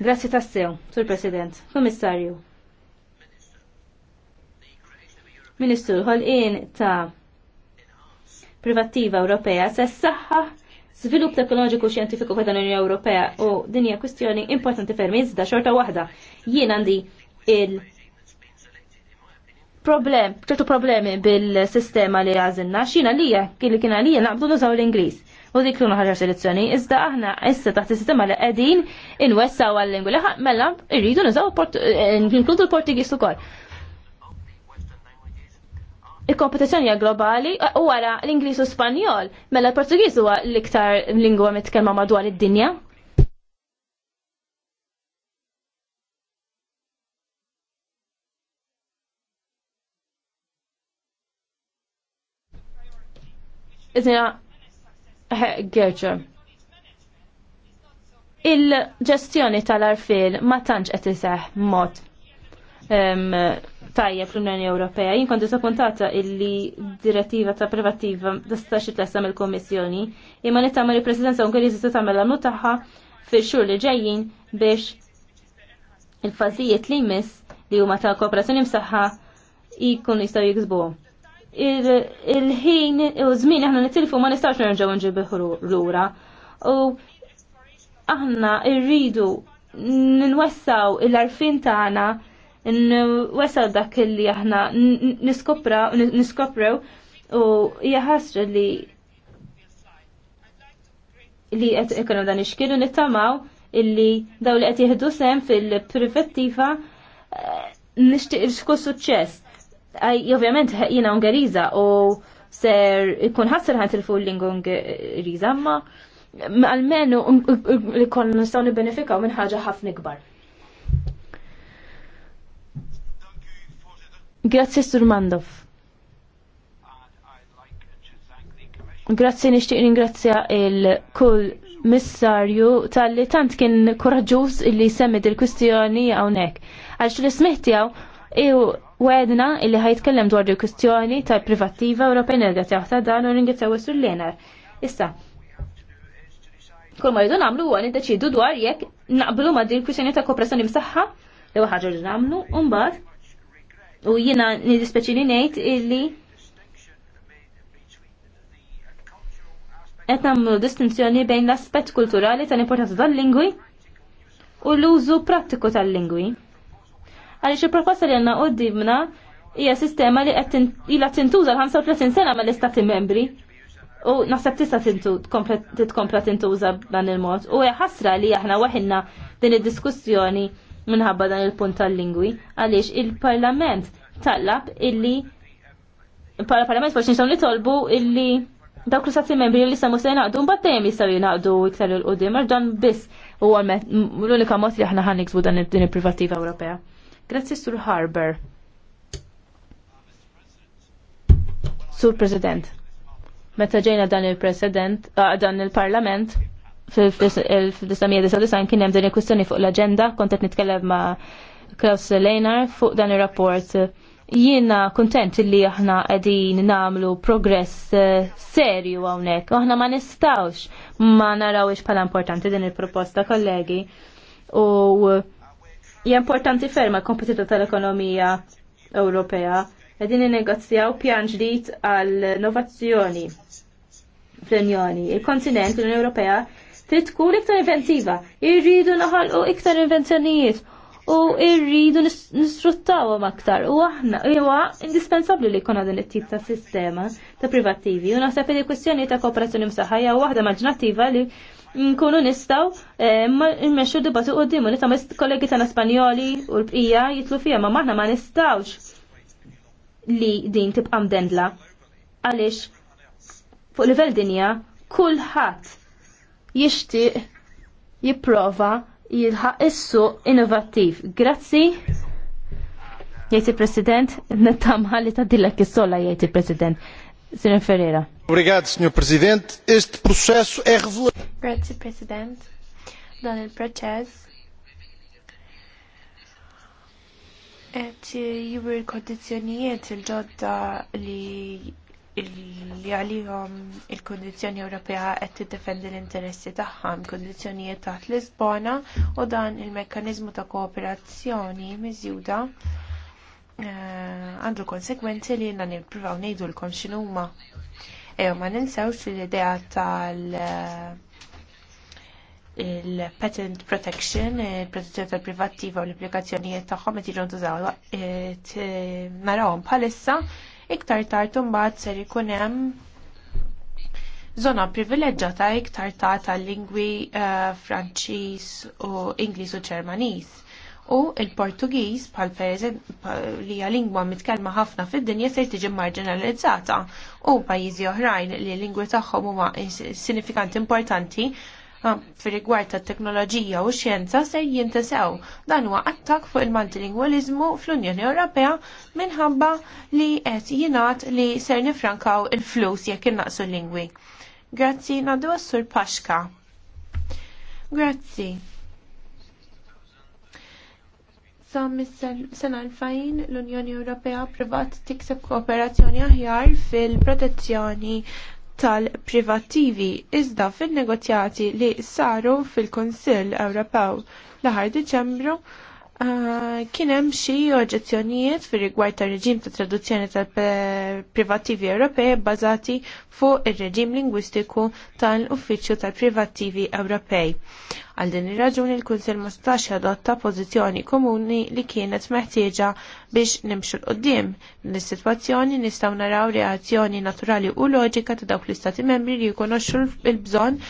Grazie tassew, Sur President, Komissarju. Ministru, ħolqien ta' privattiva Ewropea se s-saħħa Svilupp teknoloġiku xjentifiku f'dan l-Unjoni Ewropea u din hija kwistjoni importanti ferm iżda xorta waħda. Jien għandi il problem, ċertu problemi bil-sistema li għażilna, xina li kien li kien għalija naqbdu nużaw l-Ingliż u dik l ħarġa selezzjoni, iżda aħna issa taħt sistema li qegħdin u għal lingu li mella rridu nużaw eh, inkludu l-Portigiż ukoll. Il-kompetizzjoni hija globali eh, u wara l-Ingliż u Spanjol, mela l-Portugiż huwa l-iktar lingwa mitkellma madwar id-dinja. Iżna Gerger. Il-ġestjoni tal-arfil ma tantx qed iseħ mod tajjeb fl-Unjoni Ewropea. Jien kont disappuntata illi direttiva ta' privattiva tistax itlessa mill-Kummissjoni imma nittama li presidenza Ungheriżi se tagħmel l tagħha fix-xhur li ġejjin biex il-fażijiet li jmiss li huma ta' kooperazzjoni msaħħa jkunu jistgħu jiksbuhom il-ħin u żmien aħna nitilfu ma nistax nerġgħu nġibu lura. U aħna rridu ninwessaw il-arfin tagħna nwessaw dak li aħna niskopra niskoprew u hija ħasra li li qed ikunu dan ixkielu nittamaw illi daw li qed jieħdu sem fil-privettiva eh, nixtieq xku suċċess Ovvjament jiena Ungeriża u ser ikun ħasser ħan tilfu l-lingu ungeriza, ma almenu um, um, um, li kon nistgħu nibbenefikaw minn ħaġa ħafna nikbar. Grazzi Sur Mandov. Grazzi nixtieq ningrazzja il-kull missarju tal-li tant kien koraġuż li semmi il kwistjoni hawnhekk. Għax li smiħtijaw, wedna illi ħajtkellem dwar il kwistjoni tal privattiva Ewropej nerga taħta dan u ringrazzaw Sur Lienar. Issa, kull ma jridu nagħmlu huwa niddeċidu dwar jekk naqblu ma' din kwistjoni ta' kooperazzjoni msaħħa li huwa ħaġa nagħmlu u mbagħad u jiena nidispeċini ngħid illi qed nagħmlu distinzjoni bejn l-aspett kulturali tal-importanza tal-lingwi u l-użu prattiku tal-lingwi għaliex il-proposta li għandna għoddimna hija sistema li qed ilha tintuża l-35 sena l istati membri. U naħseb tista' titkompla tintuża dan il-mod. U hija ħasra li aħna waħinna din id-diskussjoni minħabba dan il-punt tal-lingwi għaliex il-Parlament tallab illi il-Parlament forsi nistgħu nitolbu illi dawk li stati membri li samu se jnaqdu, mbagħad dejjem jistgħu jnaqdu iktar il qudiem għal dan biss huwa l-unika mod li aħna ħan dan din il-privattiva Ewropea. Grazzi Sur Harber. Sur President. Meta ġejna dan il-President, ah, dan il-Parlament, fil-1999 kien hemm din il-kwistjoni fuq l-aġenda, kont qed nitkellem ma' Klaus Lejnar fuq dan ir-rapport. Jiena kuntent li aħna qegħdin nagħmlu progress eh, serju hawnhekk. Aħna ma nistgħux ma narawx bħala importanti din il-proposta kollegi. U hija importanti ferma kompetitu tal-ekonomija Ewropea. Qegħdin innegozjaw pjan ġdid għall innovazzjoni fl-Unjoni. Il-kontinent l-Unjoni Ewropea trid tkun iktar inventiva, irridu u iktar invenzjonijiet u irridu għom aktar. U aħna huwa indispensabbli li kuna din it-tip ta' sistema ta' privattivi u naħseb li kwestjoni ta' kooperazzjoni msaħħa hija waħda maġnattiva li nkunu nistaw eh, nmexxu dibatu qudiem li tagħmel kollegi tagħna Spanjoli u l-bqija jitlu fija ma maħna ma nistawx li din tibqa' mdendla. Għaliex fuq livell dinja kulħadd jixtieq jipprova jilħaq issu innovattiv. Grazzi. Jgħid il-President, nettamħalli ta' dillek is-sola jgħid il-President. Sr. Ferreira. Obrigado, Sr. Presidente. Este processo é revelador. Grazie, Presidente. Dan il-proċess Et jibir kondizjonijiet il-ġodda li li għalihom il-kondizjoni Ewropea qed tiddefendi l-interessi tagħhom kondizjonijiet taħt Lisbona u dan il-mekkaniżmu ta' kooperazzjoni miżjuda Eh, għandu konsekwenzi li jenna nipruvaw nejdu l-kom xinuma. Ejo, ma ninsewx l-idea tal eh, il-patent protection, il-protezzjoni tal-privattiva u l-implikazzjonijiet tagħhom qed jiġu ntużaw eh, narawhom bħalissa iktar tard imbagħad ser ikun hemm Zona privileġġata iktar ta' tal-lingwi Franċiż u Ingliż u Ġermaniż u il-Portugiż bħal li hija lingwa mitkellma ħafna fid-dinja se tiġi marginalizzata u pajjiżi oħrajn li l-lingwi tagħhom huma sinifikanti importanti ah, fi rigward tat-teknoloġija u xjenza se jintesew. Dan huwa attak fuq il-multilingwaliżmu fl-Unjoni Ewropea minħabba li qed jingħad li ser nifrankaw il-flus jekk innaqsu l-lingwi. Grazzi, nadu s-sur Paxka. Grazzi. Sa mis-sena 2000 l-Unjoni Ewropea privat tikseb kooperazzjoni aħjar fil-protezzjoni tal-privattivi iżda fil-negozjati li saru fil konsil Ewropew l-aħħar Diċembru ah, kien hemm xi oġġezzjonijiet fir-rigward tar-reġim ta' traduzzjoni tal-privattivi Ewropej bbażati fuq ir-reġim lingwistiku tal-Uffiċċju tal-Privattivi Ewropej. Għal din ir-raġuni l-Kunsill mustax adotta pożizzjoni komuni li kienet meħtieġa biex nimxu l-qoddim. Nis-sitwazzjoni nistgħu naraw reazzjoni naturali u loġika ta' dawk l-Istati membri li jkonoxxu l-bżonn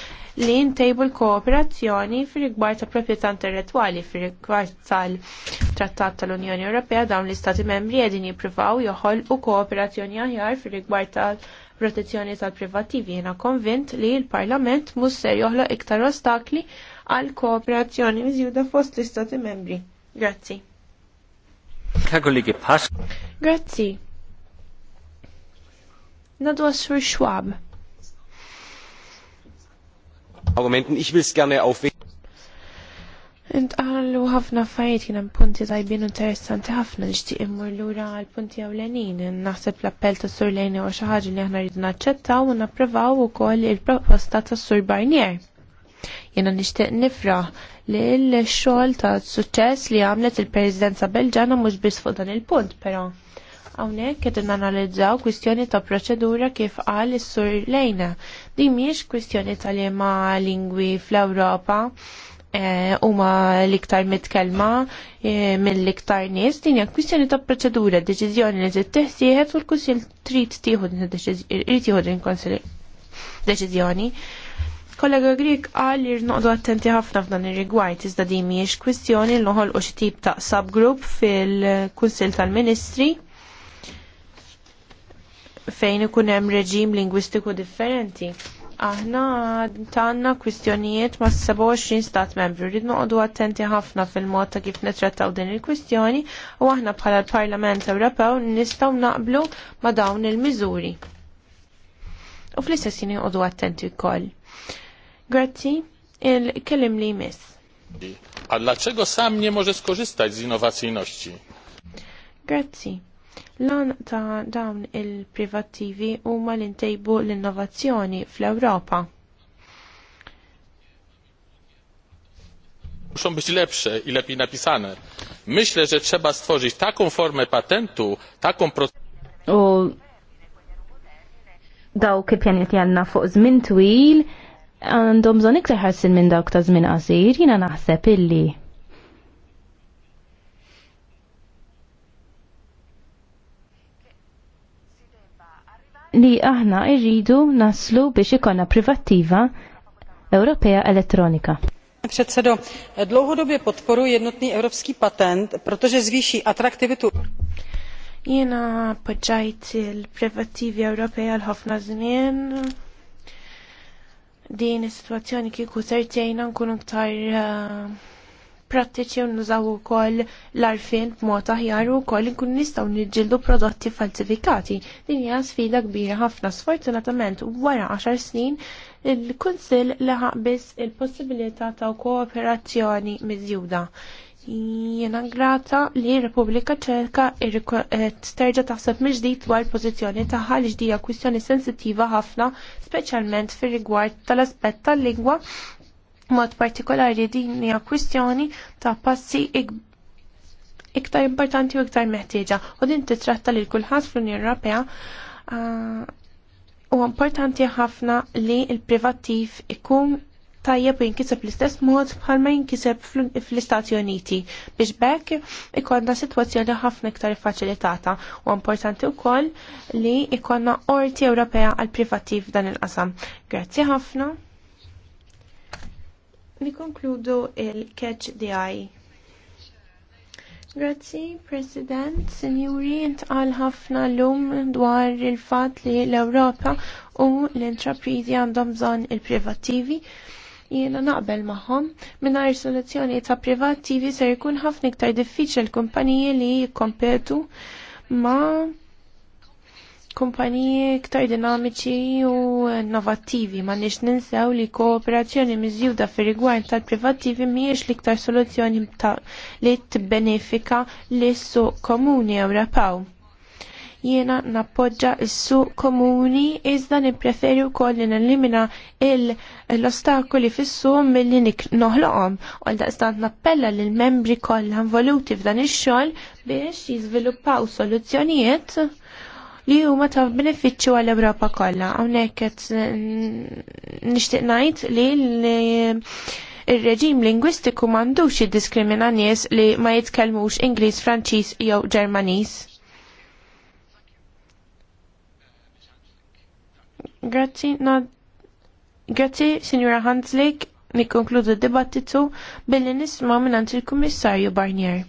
li ntejbu l-kooperazzjoni fil rigbar ta' proprjetà intellettwali fil rigbar tal-Trattat tal-Unjoni Ewropea dawn l-Istati membri qegħdin jippruvaw joħolqu kooperazzjoni aħjar fil rigbar tal- protezzjoni tal-privativi jiena konvint li l-Parlament mhux ser joħloq iktar ostakli għal kooperazzjoni miżjuda fost l-Istati membri. Grazzi. Grazzi. Nadu għasfur Schwab. Argumenten, ich will es gerne aufwenden. Intqallu ħafna fajt kien hemm punti tajbin interessanti ħafna nixtieq immur lura għal punti ewlenin. Naħseb l-appell tas Sur Lejni huwa xi li aħna rridu naċċettaw u napprovaw ukoll il-proposta tas Sur Barnier. Jena nishtiq nifraħ li l-xol ta' suċċess li għamlet il-Presidenza Belġana mhux biss fuq dan il-punt, però. Hawnhekk qed nanalizzaw kwistjoni ta' proċedura kif qal is-sur Lejna. Di miex kwistjoni tal ma lingwi fl-Ewropa eh, huma l-iktar mitkelma eh, mill-iktar nies din hija kwistjoni ta' proċedura, deċiżjoni li trid tiħsieħed u l-kunsil trid tieħu din deċiżjoni Kollega Grik qal li rnoqdu attenti ħafna f'dan ir-rigward iżda din mhijiex kwistjoni li noħolqu u tip ta' subgroup fil-Kunsill tal-Ministri fejn ikun hemm reġim lingwistiku differenti. Aħna tanna kwistjonijiet ma' 27 stat membru rrid noqogħdu attenti ħafna fil-mod ta' kif nitrattaw din il-kwistjoni u aħna bħala l-Parlament Ewropew nistgħu naqblu ma' dawn il-miżuri. U fl-istess jien attenti wkoll. Grazzi, il kelim li mis. A dlaczego sam nie może skorzystać z innowacyjności? Grazzi. Lan ta' dawn il privativi u l intejbu l-innovazzjoni fl europa Muszą być lepsze i lepiej napisane. Myślę, że trzeba stworzyć taką formę patentu, taką procedurę. U dawk il-pjanet janna fuq zmin twil għandhom bżon iktar ħarsin minn dawk ta' żmien qasir, jiena naħseb illi li aħna irridu naslu biex ikonna privattiva Ewropea elettronika. Předsedo, dlouhodobě podporu jednotný evropský patent, protože zvýší atraktivitu. Jena poġġajt il Evropy Ewropea hofna ħafna din is-sitwazzjoni kieku sertejna nkunu ktar eh, prattiċi u nużaw ukoll l-arfin b'mod aħjar u wkoll nkunu nistgħu niġġieldu prodotti falsifikati. Din hija sfida kbira ħafna sfortunatament wara 10 snin il-Kunsill laħaq biss il-possibilità ta' kooperazzjoni miżjuda. Jena grata li Repubblika Ċeka eh, terġa taħseb mill-ġdid dwar pożizzjoni tagħha li ġdija kwistjoni sensittiva ħafna, speċjalment fir-rigward tal-aspett tal-lingwa, mod partikolari din hija kwistjoni ta' passi iktar importanti u iktar meħtieġa. U din titratta lil kulħadd fl-Unjoni Ewropea ah, u importanti ħafna li l-privattiv ikun tajjeb u jinkiseb l-istess mod bħalma jinkiseb fl-Istati Uniti biex bekk ikonna situazzjoni ħafna iktar faċilitata u importanti wkoll li ikonna orti Ewropea għal privattiv dan il-qasam. Grazzi ħafna. Nikonkludu il-catch DI. Grazzi, President, Sinjuri, intqal ħafna l-lum dwar il-fat li l-Europa u l-intraprizi għandhom bżon il-privattivi jiena naqbel magħhom mingħajr soluzzjoni ta' privattivi ser jkun ħafna iktar diffiċel kumpaniji li jikkompetu ma' kumpaniji iktar dinamiċi u innovattivi ma nix ninsew li kooperazzjoni miżjuda fir rigward tal-privattivi mhijiex l-iktar soluzzjoni li tibbenefika s suq komuni Ewrapaw jiena nappoġġa s-suq komuni iżda nippreferi wkoll li nelimina l-ostakoli fis-suq milli noħloqhom. Għal daqstant nappella lil membri kollha involuti f'dan ix-xogħol biex jiżviluppaw soluzzjonijiet li huma ta' benefiċċju għall Ewropa kollha. Hawnhekk qed nixtieq ngħid li il reġim lingwistiku m'għandux jiddiskrimina nies li ma jitkellmux Ingliż, Franċiż jew Ġermaniż. Grazzi, na... Grazzi, Signora Hanslik, mi konkludu dibattitu billi nisma minnant il kommissarju Barnier.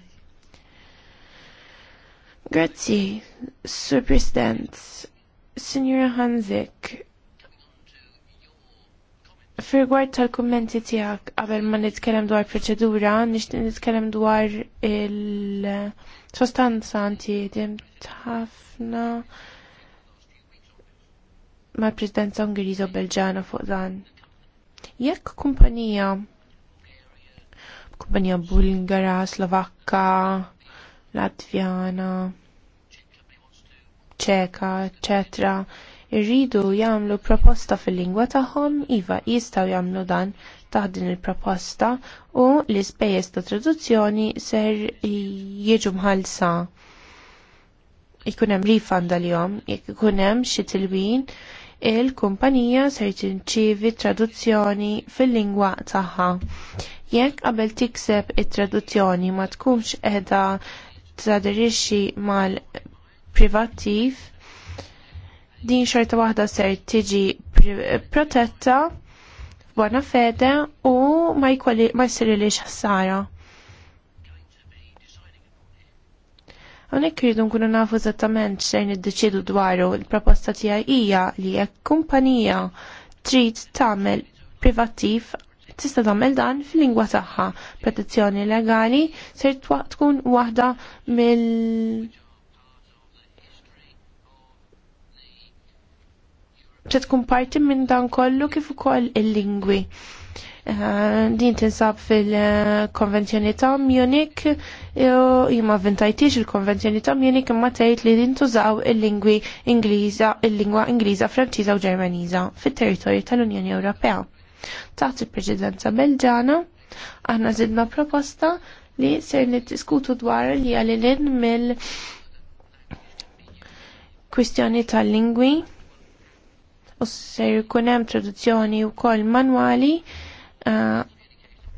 Grazzi, Sir President, Signora Hanslik, Firgward tal-kommenti tijak, għabel ma nitkellem dwar proċedura, nishtin nitkellem dwar il-sostanza anti dim ħafna mal presidenza Ungheriża u Belġana fuq dan. Jekk kumpanija kumpanija Bulgara, Slovakka, Latvjana, Ċeka, etc. irridu jagħmlu proposta fil-lingwa tagħhom, iva jistgħu jagħmlu dan taħt din il-proposta u l-ispejjeż ta' traduzzjoni ser jiġu mħallsa. Ikun hemm rifanda li jom, jekk ikun hemm xi tilwin il-kumpanija ser tinċivi traduzzjoni fil-lingwa tagħha. Jekk qabel tikseb it-traduzzjoni ma tkunx qiegħda tradirixxi mal-privattiv, din xorta waħda ser tiġi protetta b'buona fede u ma jsir li ħsara. Għonek rridu nkunu nafu eżattament xejn id-deċidu dwaru il-proposta tiegħi hija li jekk kumpanija trid tagħmel privattiv tista' tagħmel dan fil-lingwa tagħha. Protezzjoni legali ser tkun waħda mill Se tkun parti minn dan kollu kif ukoll il-lingwi. Eh, din tinsab fil-konvenzjoni ta' Munich jimma vintajtix il-konvenzjoni ta' Munich imma tgħid li tużaw il-lingwi Ingliża, il-lingwa Ingliża, Franċiża u Ġermaniża fit-territorju tal-Unjoni Ewropea. Taħt il preġidenza Belġana, aħna zidna proposta li ser niddiskutu dwar li għalilin mill-kwistjoni tal-lingwi u ser kunem traduzzjoni u kol manwali Eh,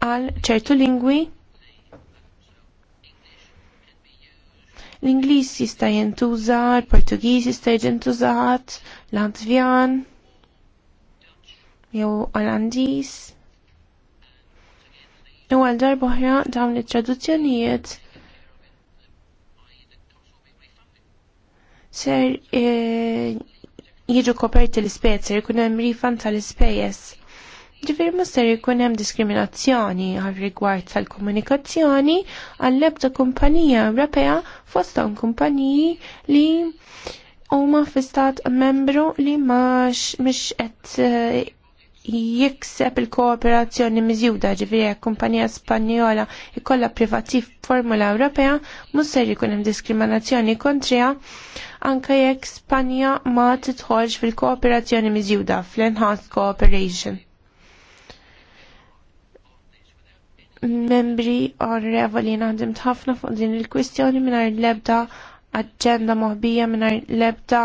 għal ċertu lingwi l-Inglis jista' jintuża, l-Portugiż jista' jintużat, l-Latvjan, jew Olandiż. U għal darba oħra dawn it-traduzzjonijiet ser eh, jiġu koperti l-ispejjeż, ser ikun hemm rifan tal-ispejjeż Ġifir muster jkun hemm diskriminazzjoni għal rigward tal-komunikazzjoni għall-ebda kumpanija Ewropea fost kumpaniji li huma fistat membru li mhux qed eh, jikseb il-kooperazzjoni miżjuda ġifieri jekk kumpanija Spanjola jkollha privattiv formula Ewropea mhux ser jkun hemm diskriminazzjoni kontrija anke jekk Spanja ma tidħolx fil-kooperazzjoni miżjuda fl-enhanced cooperation. membri onorevoli naħdim ħafna fuq din il-kwistjoni mingħajr l-ebda aġenda moħbija mingħajr l-ebda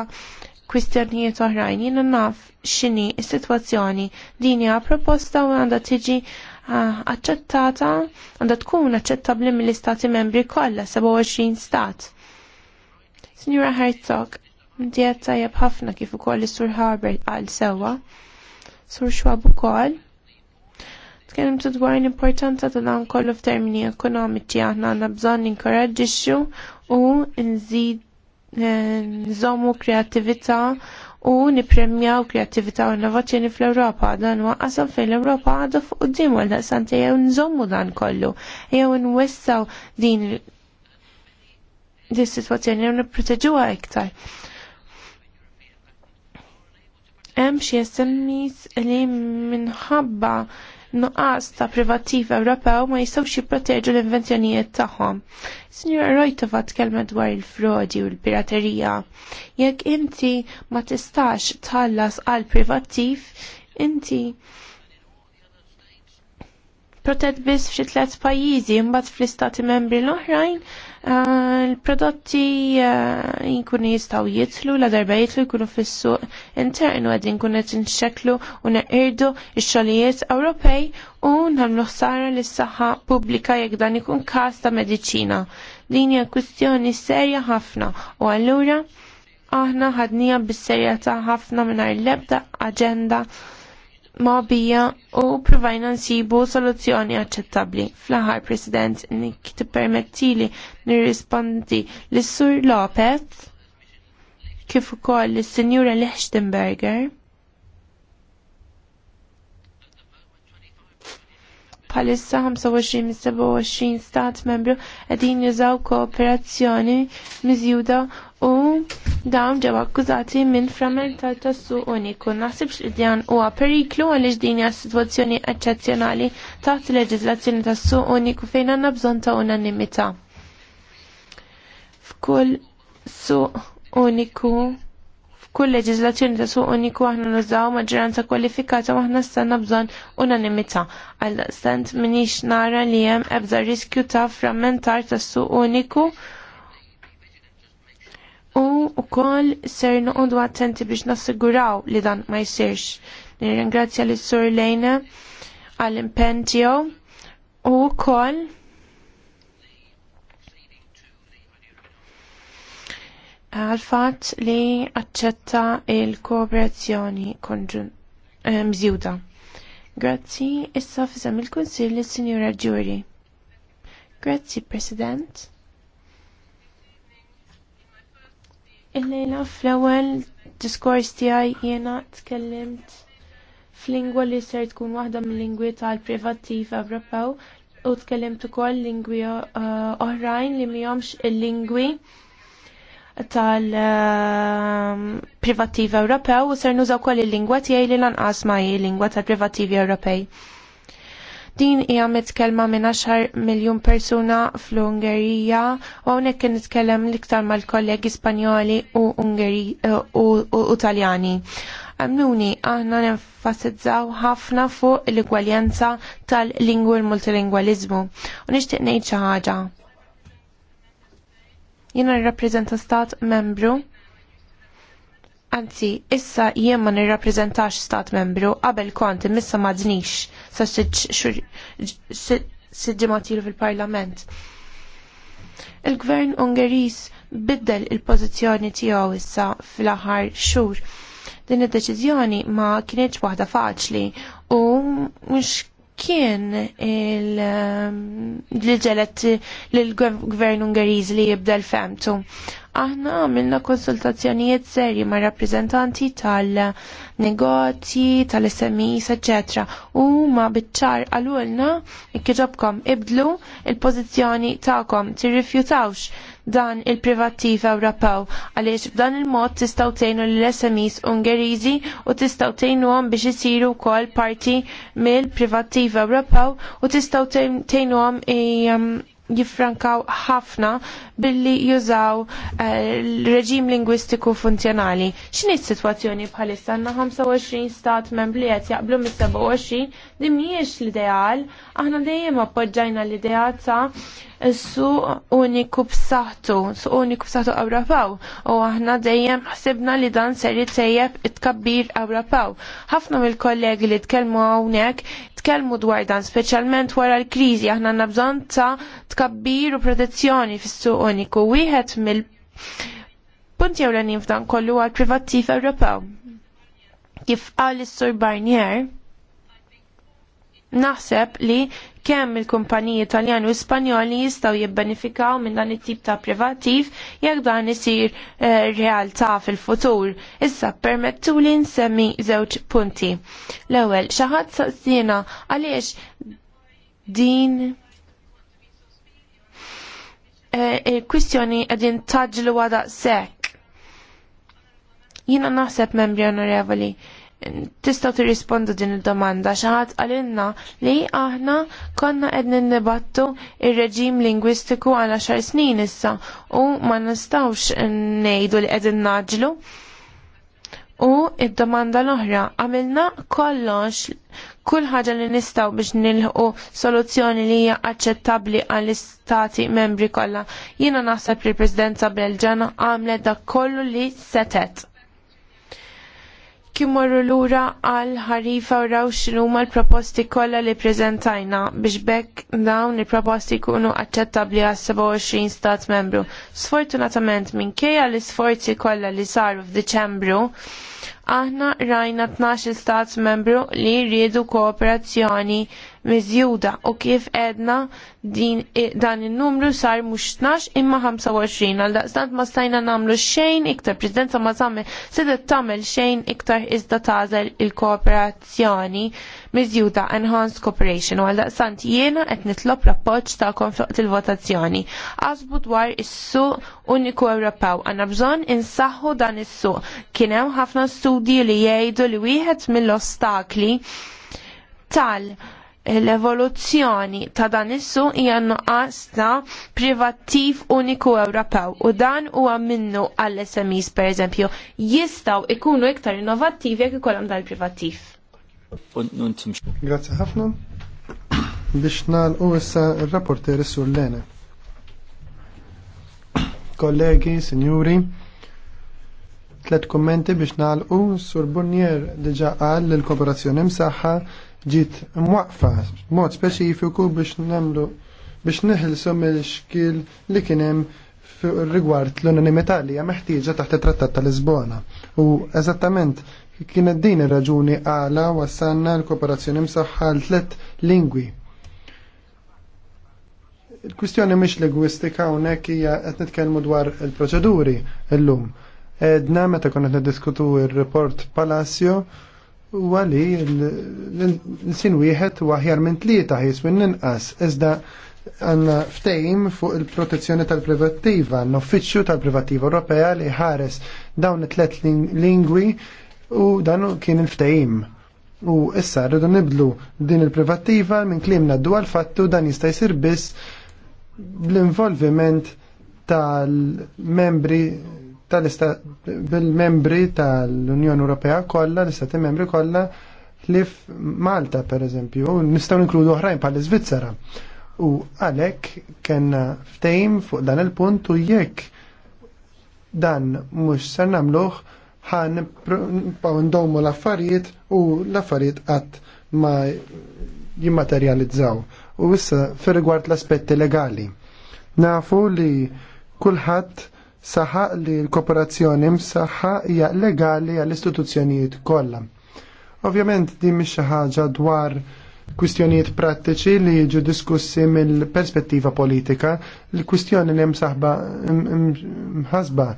kwistjonijiet oħrajn. Jiena naf x'inhi s-sitwazzjoni din hija proposta u għandha tiġi ah, aċċettata, għandha tkun aċċettabbli mill-istati membri kollha 27 stat. Signora Herzog, m'diet tajjeb ħafna kif ukoll is-Sur Harbert qal sewwa. Sur xwab ukoll tkellimtu dwar l-importanza ta' dan kollu f'termini ekonomiċi aħna għandna bżonn ninkoraġġixxu u nżid eh, nżommu kreattività u nipremjaw kreattività u innovazzjoni fl-Ewropa. Dan huwa qasam fejn l-Ewropa għadha fuq quddiem għal daqsante jew nżommu dan kollu, jew nwissaw din dis situazzjoni jew nipproteġuha iktar. Hemm xi SMEs li minħabba nuqqas ta' privattiv Ewropew ma jistgħux jipproteġu l-invenzjonijiet tagħhom. Sinjora Rojtova tkellmet dwar il-frodi u l-piraterija. Jekk inti ma tistax tħallas għal privattiv, inti protett biss f'xi tliet pajjiżi imbagħad fl-istati membri l-oħrajn eh, l-prodotti eh, jkunu jistgħu jitlu la darba jitlu jkunu fis-suq intern u qegħdin nkun qed inxeklu u neqirdu x-xogħlijiet Ewropej u nagħmlu ħsara lis-saħħa pubblika jekk dan ikun każ ta' mediċina. Din hija kwistjoni serja ħafna u allura aħna ħadnija bis-serjetà ħafna mingħajr l-ebda aġenda mobija u provajna nsibu soluzzjoni aċċettabbli. Fl-aħħar President Nick tippermettili nirrispondi lis sur Lopez kif ukoll lis-Sinjura Lichtenberger bħalissa 25-27 stat membru qegħdin jużaw kooperazzjoni miżjuda u dawn ġew akkużati minn frammentat tas-suq uniku. Naħsibx li dan huwa periklu għaliex din hija sitwazzjoni eċċezzjonali taħt il-leġiżlazzjoni tas-suq uniku fejn għandna bżonn ta' unanimità. F'kull suq uniku Kull leġislazzjoni ta' suq uniku aħna nużaw maġġoranza kwalifikata u aħna stanna bżonn unanimità. Għal stant minix nara li hemm ebda riskju ta' frammentar ta' suq uniku u wkoll ser noqogħdu attenti biex nassiguraw li dan ma jsirx. Nirringrazzja lis sur Lejna għall impenn tiegħu u wkoll għal-fat li accetta il-kooperazzjoni konġun ehm, mżjuda. Grazzi, issa fizem il-Konsilli, s-Sinjura Ġuri. Grazzi, President. Il-lejla fl-ewel diskors tiegħi jiena tkellimt fl-lingwa li ser tkun waħda mill-lingwi tal-privattiv Ewropew u tkellimt ukoll lingwi uh, oħrajn li mihomx il-lingwi tal-privattiv Ewropew u ser nużaw kol il-lingwa tiegħi li lanqas ma hi lingwa tal-privattivi Ewropej. Din hija mitkellma minn 10 miljun persuna fl-Ungerija u hawnhekk kien nitkellem l-iktar mal-kollegi Spanjoli u Ungeri u Taljani. Amnuni, aħna nenfasizzaw ħafna fuq l-igwaljanza tal-lingwi u l multilingwaliżmu U nixtieq ngħid xi ħaġa. Jiena nirrappreżenta stat membru. Anzi, issa jien ma nirrappreżentax stat membru qabel kont missa ma dnix sa siġġimatilu fil-Parlament. Il-Gvern Ungeris biddel il-pożizzjoni tiegħu issa fl-aħħar xhur. Din id-deċiżjoni ma kienieċ waħda faċli u mhux kien il-ġelet um, l-gvern Ungeriż li jibda l-femtu aħna għamilna konsultazzjonijiet serji ma' rappresentanti tal-negozji, tal-SMIs, ecc. U ma' bitċar għalulna ikkieġobkom ibdlu il-pozizjoni ta'kom tirrifjutawx dan il-privattiv Ewropew għaliex b'dan il-mod tistaw tejnu lill-SMIs Ungeriżi u tistaw għom biex isiru wkoll parti mill-privattiv Ewropew u tistaw għom jiffrankaw ħafna billi jużaw eh, reġim lingwistiku funzjonali. X'inhi s-sitwazzjoni bħalissa għandna 25 stat membri qed jaqblu mis-27 din mhijiex l-ideal, aħna dejjem appoġġajna l-idea ta' is-suq uniku b'saħħtu, suq uniku b'saħħtu Ewropew u aħna dejjem ħsibna li dan ser jitsejjeb it-kabbir Ewropew. Ħafna mill-kollegi li tkellmu hawnhekk tkellmu dwar dan speċjalment wara l-kriżi aħna għandna في ta' tkabbir u protezzjoni fis-suq uniku wieħed mill- punti ewlenin f'dan kollu għal privattiv Kif qal is-Sur Barnier, naħseb li kemm il-kumpaniji Italjani u Spanjoli jistgħu jibbenefikaw minn dan it-tip ta' privattiv jekk dan isir eh, realtà fil-futur. Issa permettu li nsemmi żewġ punti. L-ewwel xi ħadd saqsina għaliex din eh, il-kwistjoni qegħdin taġlu għadaq sekk. Jiena naħseb membri onorevoli tistaw tirrispondu din id-domanda xaħat għalinna li aħna konna qed nibattu il reġim lingwistiku għal xar snin issa u ma nistawx ngħidu li qegħdin naġlu. U id-domanda l-oħra għamilna kollox kull ħaġa li nistaw biex nilħu soluzzjoni li hija aċċettabbli għall-istati membri kollha. Jiena naħseb li l-Presidenza Belġana għamlet dak kollu li setet kien morru lura għal ħarifa u raw x'inhuma l-proposti kollha li ppreżentajna biex bekk dawn il-proposti jkunu aċċettabbli għas 27 stat membru. Sfortunatament minkejja l-isforzi kollha li saru f'Diċembru, aħna rajna 12 stat membru li rridu kooperazzjoni miżjuda u kif edna din dan il-numru sar mhux 12 imma 25 għal daqstant ma stajna nagħmlu xejn iktar Presidenza ma zame sedet tagħmel xejn iktar iżda tazel il-kooperazzjoni miżjuda Enhanced Cooperation u għal daqstant jiena qed nitlob l ta' tagħkom il-votazzjoni. Qasbu dwar is-suq uniku Ewropew għanna bżon insaħħu dan is-suq. Kien hemm ħafna studji li jgħidu li wieħed mill-ostakli tal l-evoluzzjoni ta' dan issu hija nuqqas ta' privattiv uniku Ewropew u dan huwa minnu għall smis pereżempju jistgħu ikunu iktar innovattivi jekk ikollhom dan privattiv. Grazzi ħafna. Biex nagħlqu issa r-rapporter sur Lena. Kollegi, sinjuri, tlet kommenti biex nagħlqu sur Bonnier diġa qal l-kooperazzjoni msaħħa ġiet mwaqfa mod speċifiku biex namlu biex neħilsu mill-xkil li kien hemm rigward l-unanimità li hija meħtieġa taħt it-Trattat tal-Lisbona. U eżattament kienet din ir-raġuni għala wassanna l-kooperazzjoni msaħħa l tlet lingwi. Il-kwistjoni mhix lingwistika hawnhekk hija qed nitkellmu dwar il-proċeduri llum. Edna meta konna niddiskutu ir-report Palacio huwa li l-insin wieħed huwa aħjar minn tlieta ħiswin inqas iżda għanna ftejm fuq il-protezzjoni tal-privattiva, l uffiċċju tal-privattiva Ewropea li ħares dawn it-tlet lingwi u dan kien il ftejm U issa rridu nibdlu din il-privattiva minn klim naddu għal-fattu dan jista' jsir biss bl-involviment tal-membri bil-membri tal-Unjoni Ewropea kollha, l-istati membri kollha li f'Malta pereżempju, nistgħu inkludu oħrajn bħal iżvizzera U għalhekk kellna ftejm fuq dan il-punt u jekk dan mhux se nagħmluh ħan ndomu l-affarijiet u l-affarijiet qatt ma jimmaterjalizzaw. U issa fir rigward l-aspetti legali. Nafu li kulħadd saħaq li l-kooperazzjoni msaħħa hija legali għall-istituzzjonijiet kollha. Ovvjament din mhix xi ħaġa dwar kwistjonijiet prattiċi li jiġu diskussi mill-perspettiva politika, l-kwistjoni li msaħba mħasba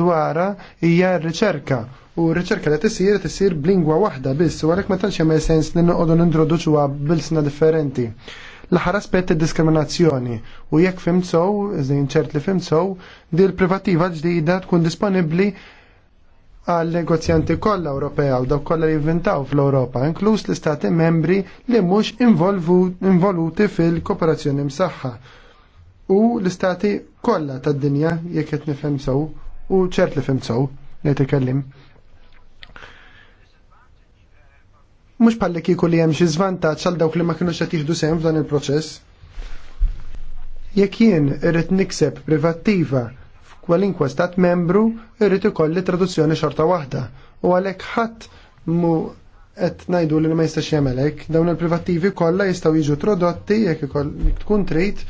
dwara hija r-riċerka. U r-riċerka li tisir tisir b'lingwa waħda biss, u għalhekk ma tantx jagħmel sens li noqogħdu nintroduċuha bil-sna differenti. L-aħħar aspett id-diskriminazzjoni u jekk fimsow, iżdejn ċert li fimsow, di l-privativa ġdida tkun disponibbli għal negozjanti kollha Ewropea u dawk kollha jivvintaw fl-Ewropa, inkluż l-istati membri li mhux involuti fil-kooperazzjoni msaħħa. U l-istati kollha tad-dinja jekk qed nifhem sow, u ċert li fhem sew li tikellim. Mhux palli kiku li hemm xi żvantaġġ għal dawk li ma kinux qed jieħdu sehem f'dan il-proċess. Jekk jien irrit nikseb privattiva f'kwalinkwa stat membru, irrid ikolli traduzzjoni xorta waħda u għalhekk ħadd mu qed ngħidu li ma jistax jagħmelek. dawn il-privattivi kollha jistgħu jiġu trodotti jekk tkun trid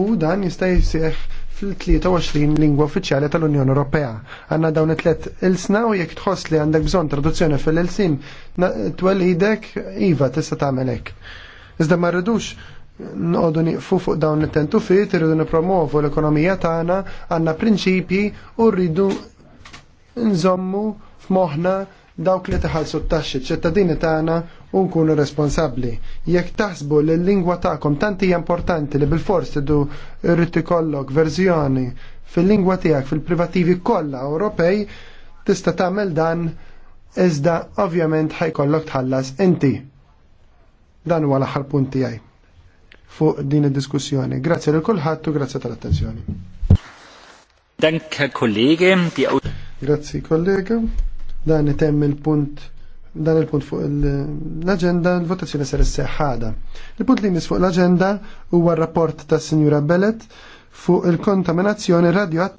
u dan jista' jisieħ fil-23 lingwa uffiċjali tal-Unjoni Ewropea. Għanna dawn it-tlet il-sna u jekk tħoss li għandek bżonn traduzzjoni fil-ilsim twelidek iva tista' tagħmel hekk. Iżda ma rridux noqogħdu nieqfu fuq dawn it-tentu fit, irridu nippromovu l-ekonomija tagħna, għandna prinċipji u rridu nżommu f'moħħna dawk li tħallsu t-taxxi ċittadini tagħna u nkunu responsabbli. Jekk taħsbu li l-lingwa tagħkom tant hija importanti li bil-fors tidu rrid ikollok verżjoni fil-lingwa tiegħek fil-privativi kollha Ewropej, tista' tagħmel dan iżda ovvjament ħajkollok tħallas inti. Dan huwa l-aħħar punt tiegħi fuq din id-diskussjoni. Grazzi lil kulħadd u grazzi tal-attenzjoni. Danke Grazzi kollega dan itemm il-punt dan il-punt fuq l-agenda l-votazzjoni ser ħada. Il-punt li jmiss fuq l-agenda huwa r-rapport ta' Sinjura Bellet fuq il-kontaminazzjoni radioattiva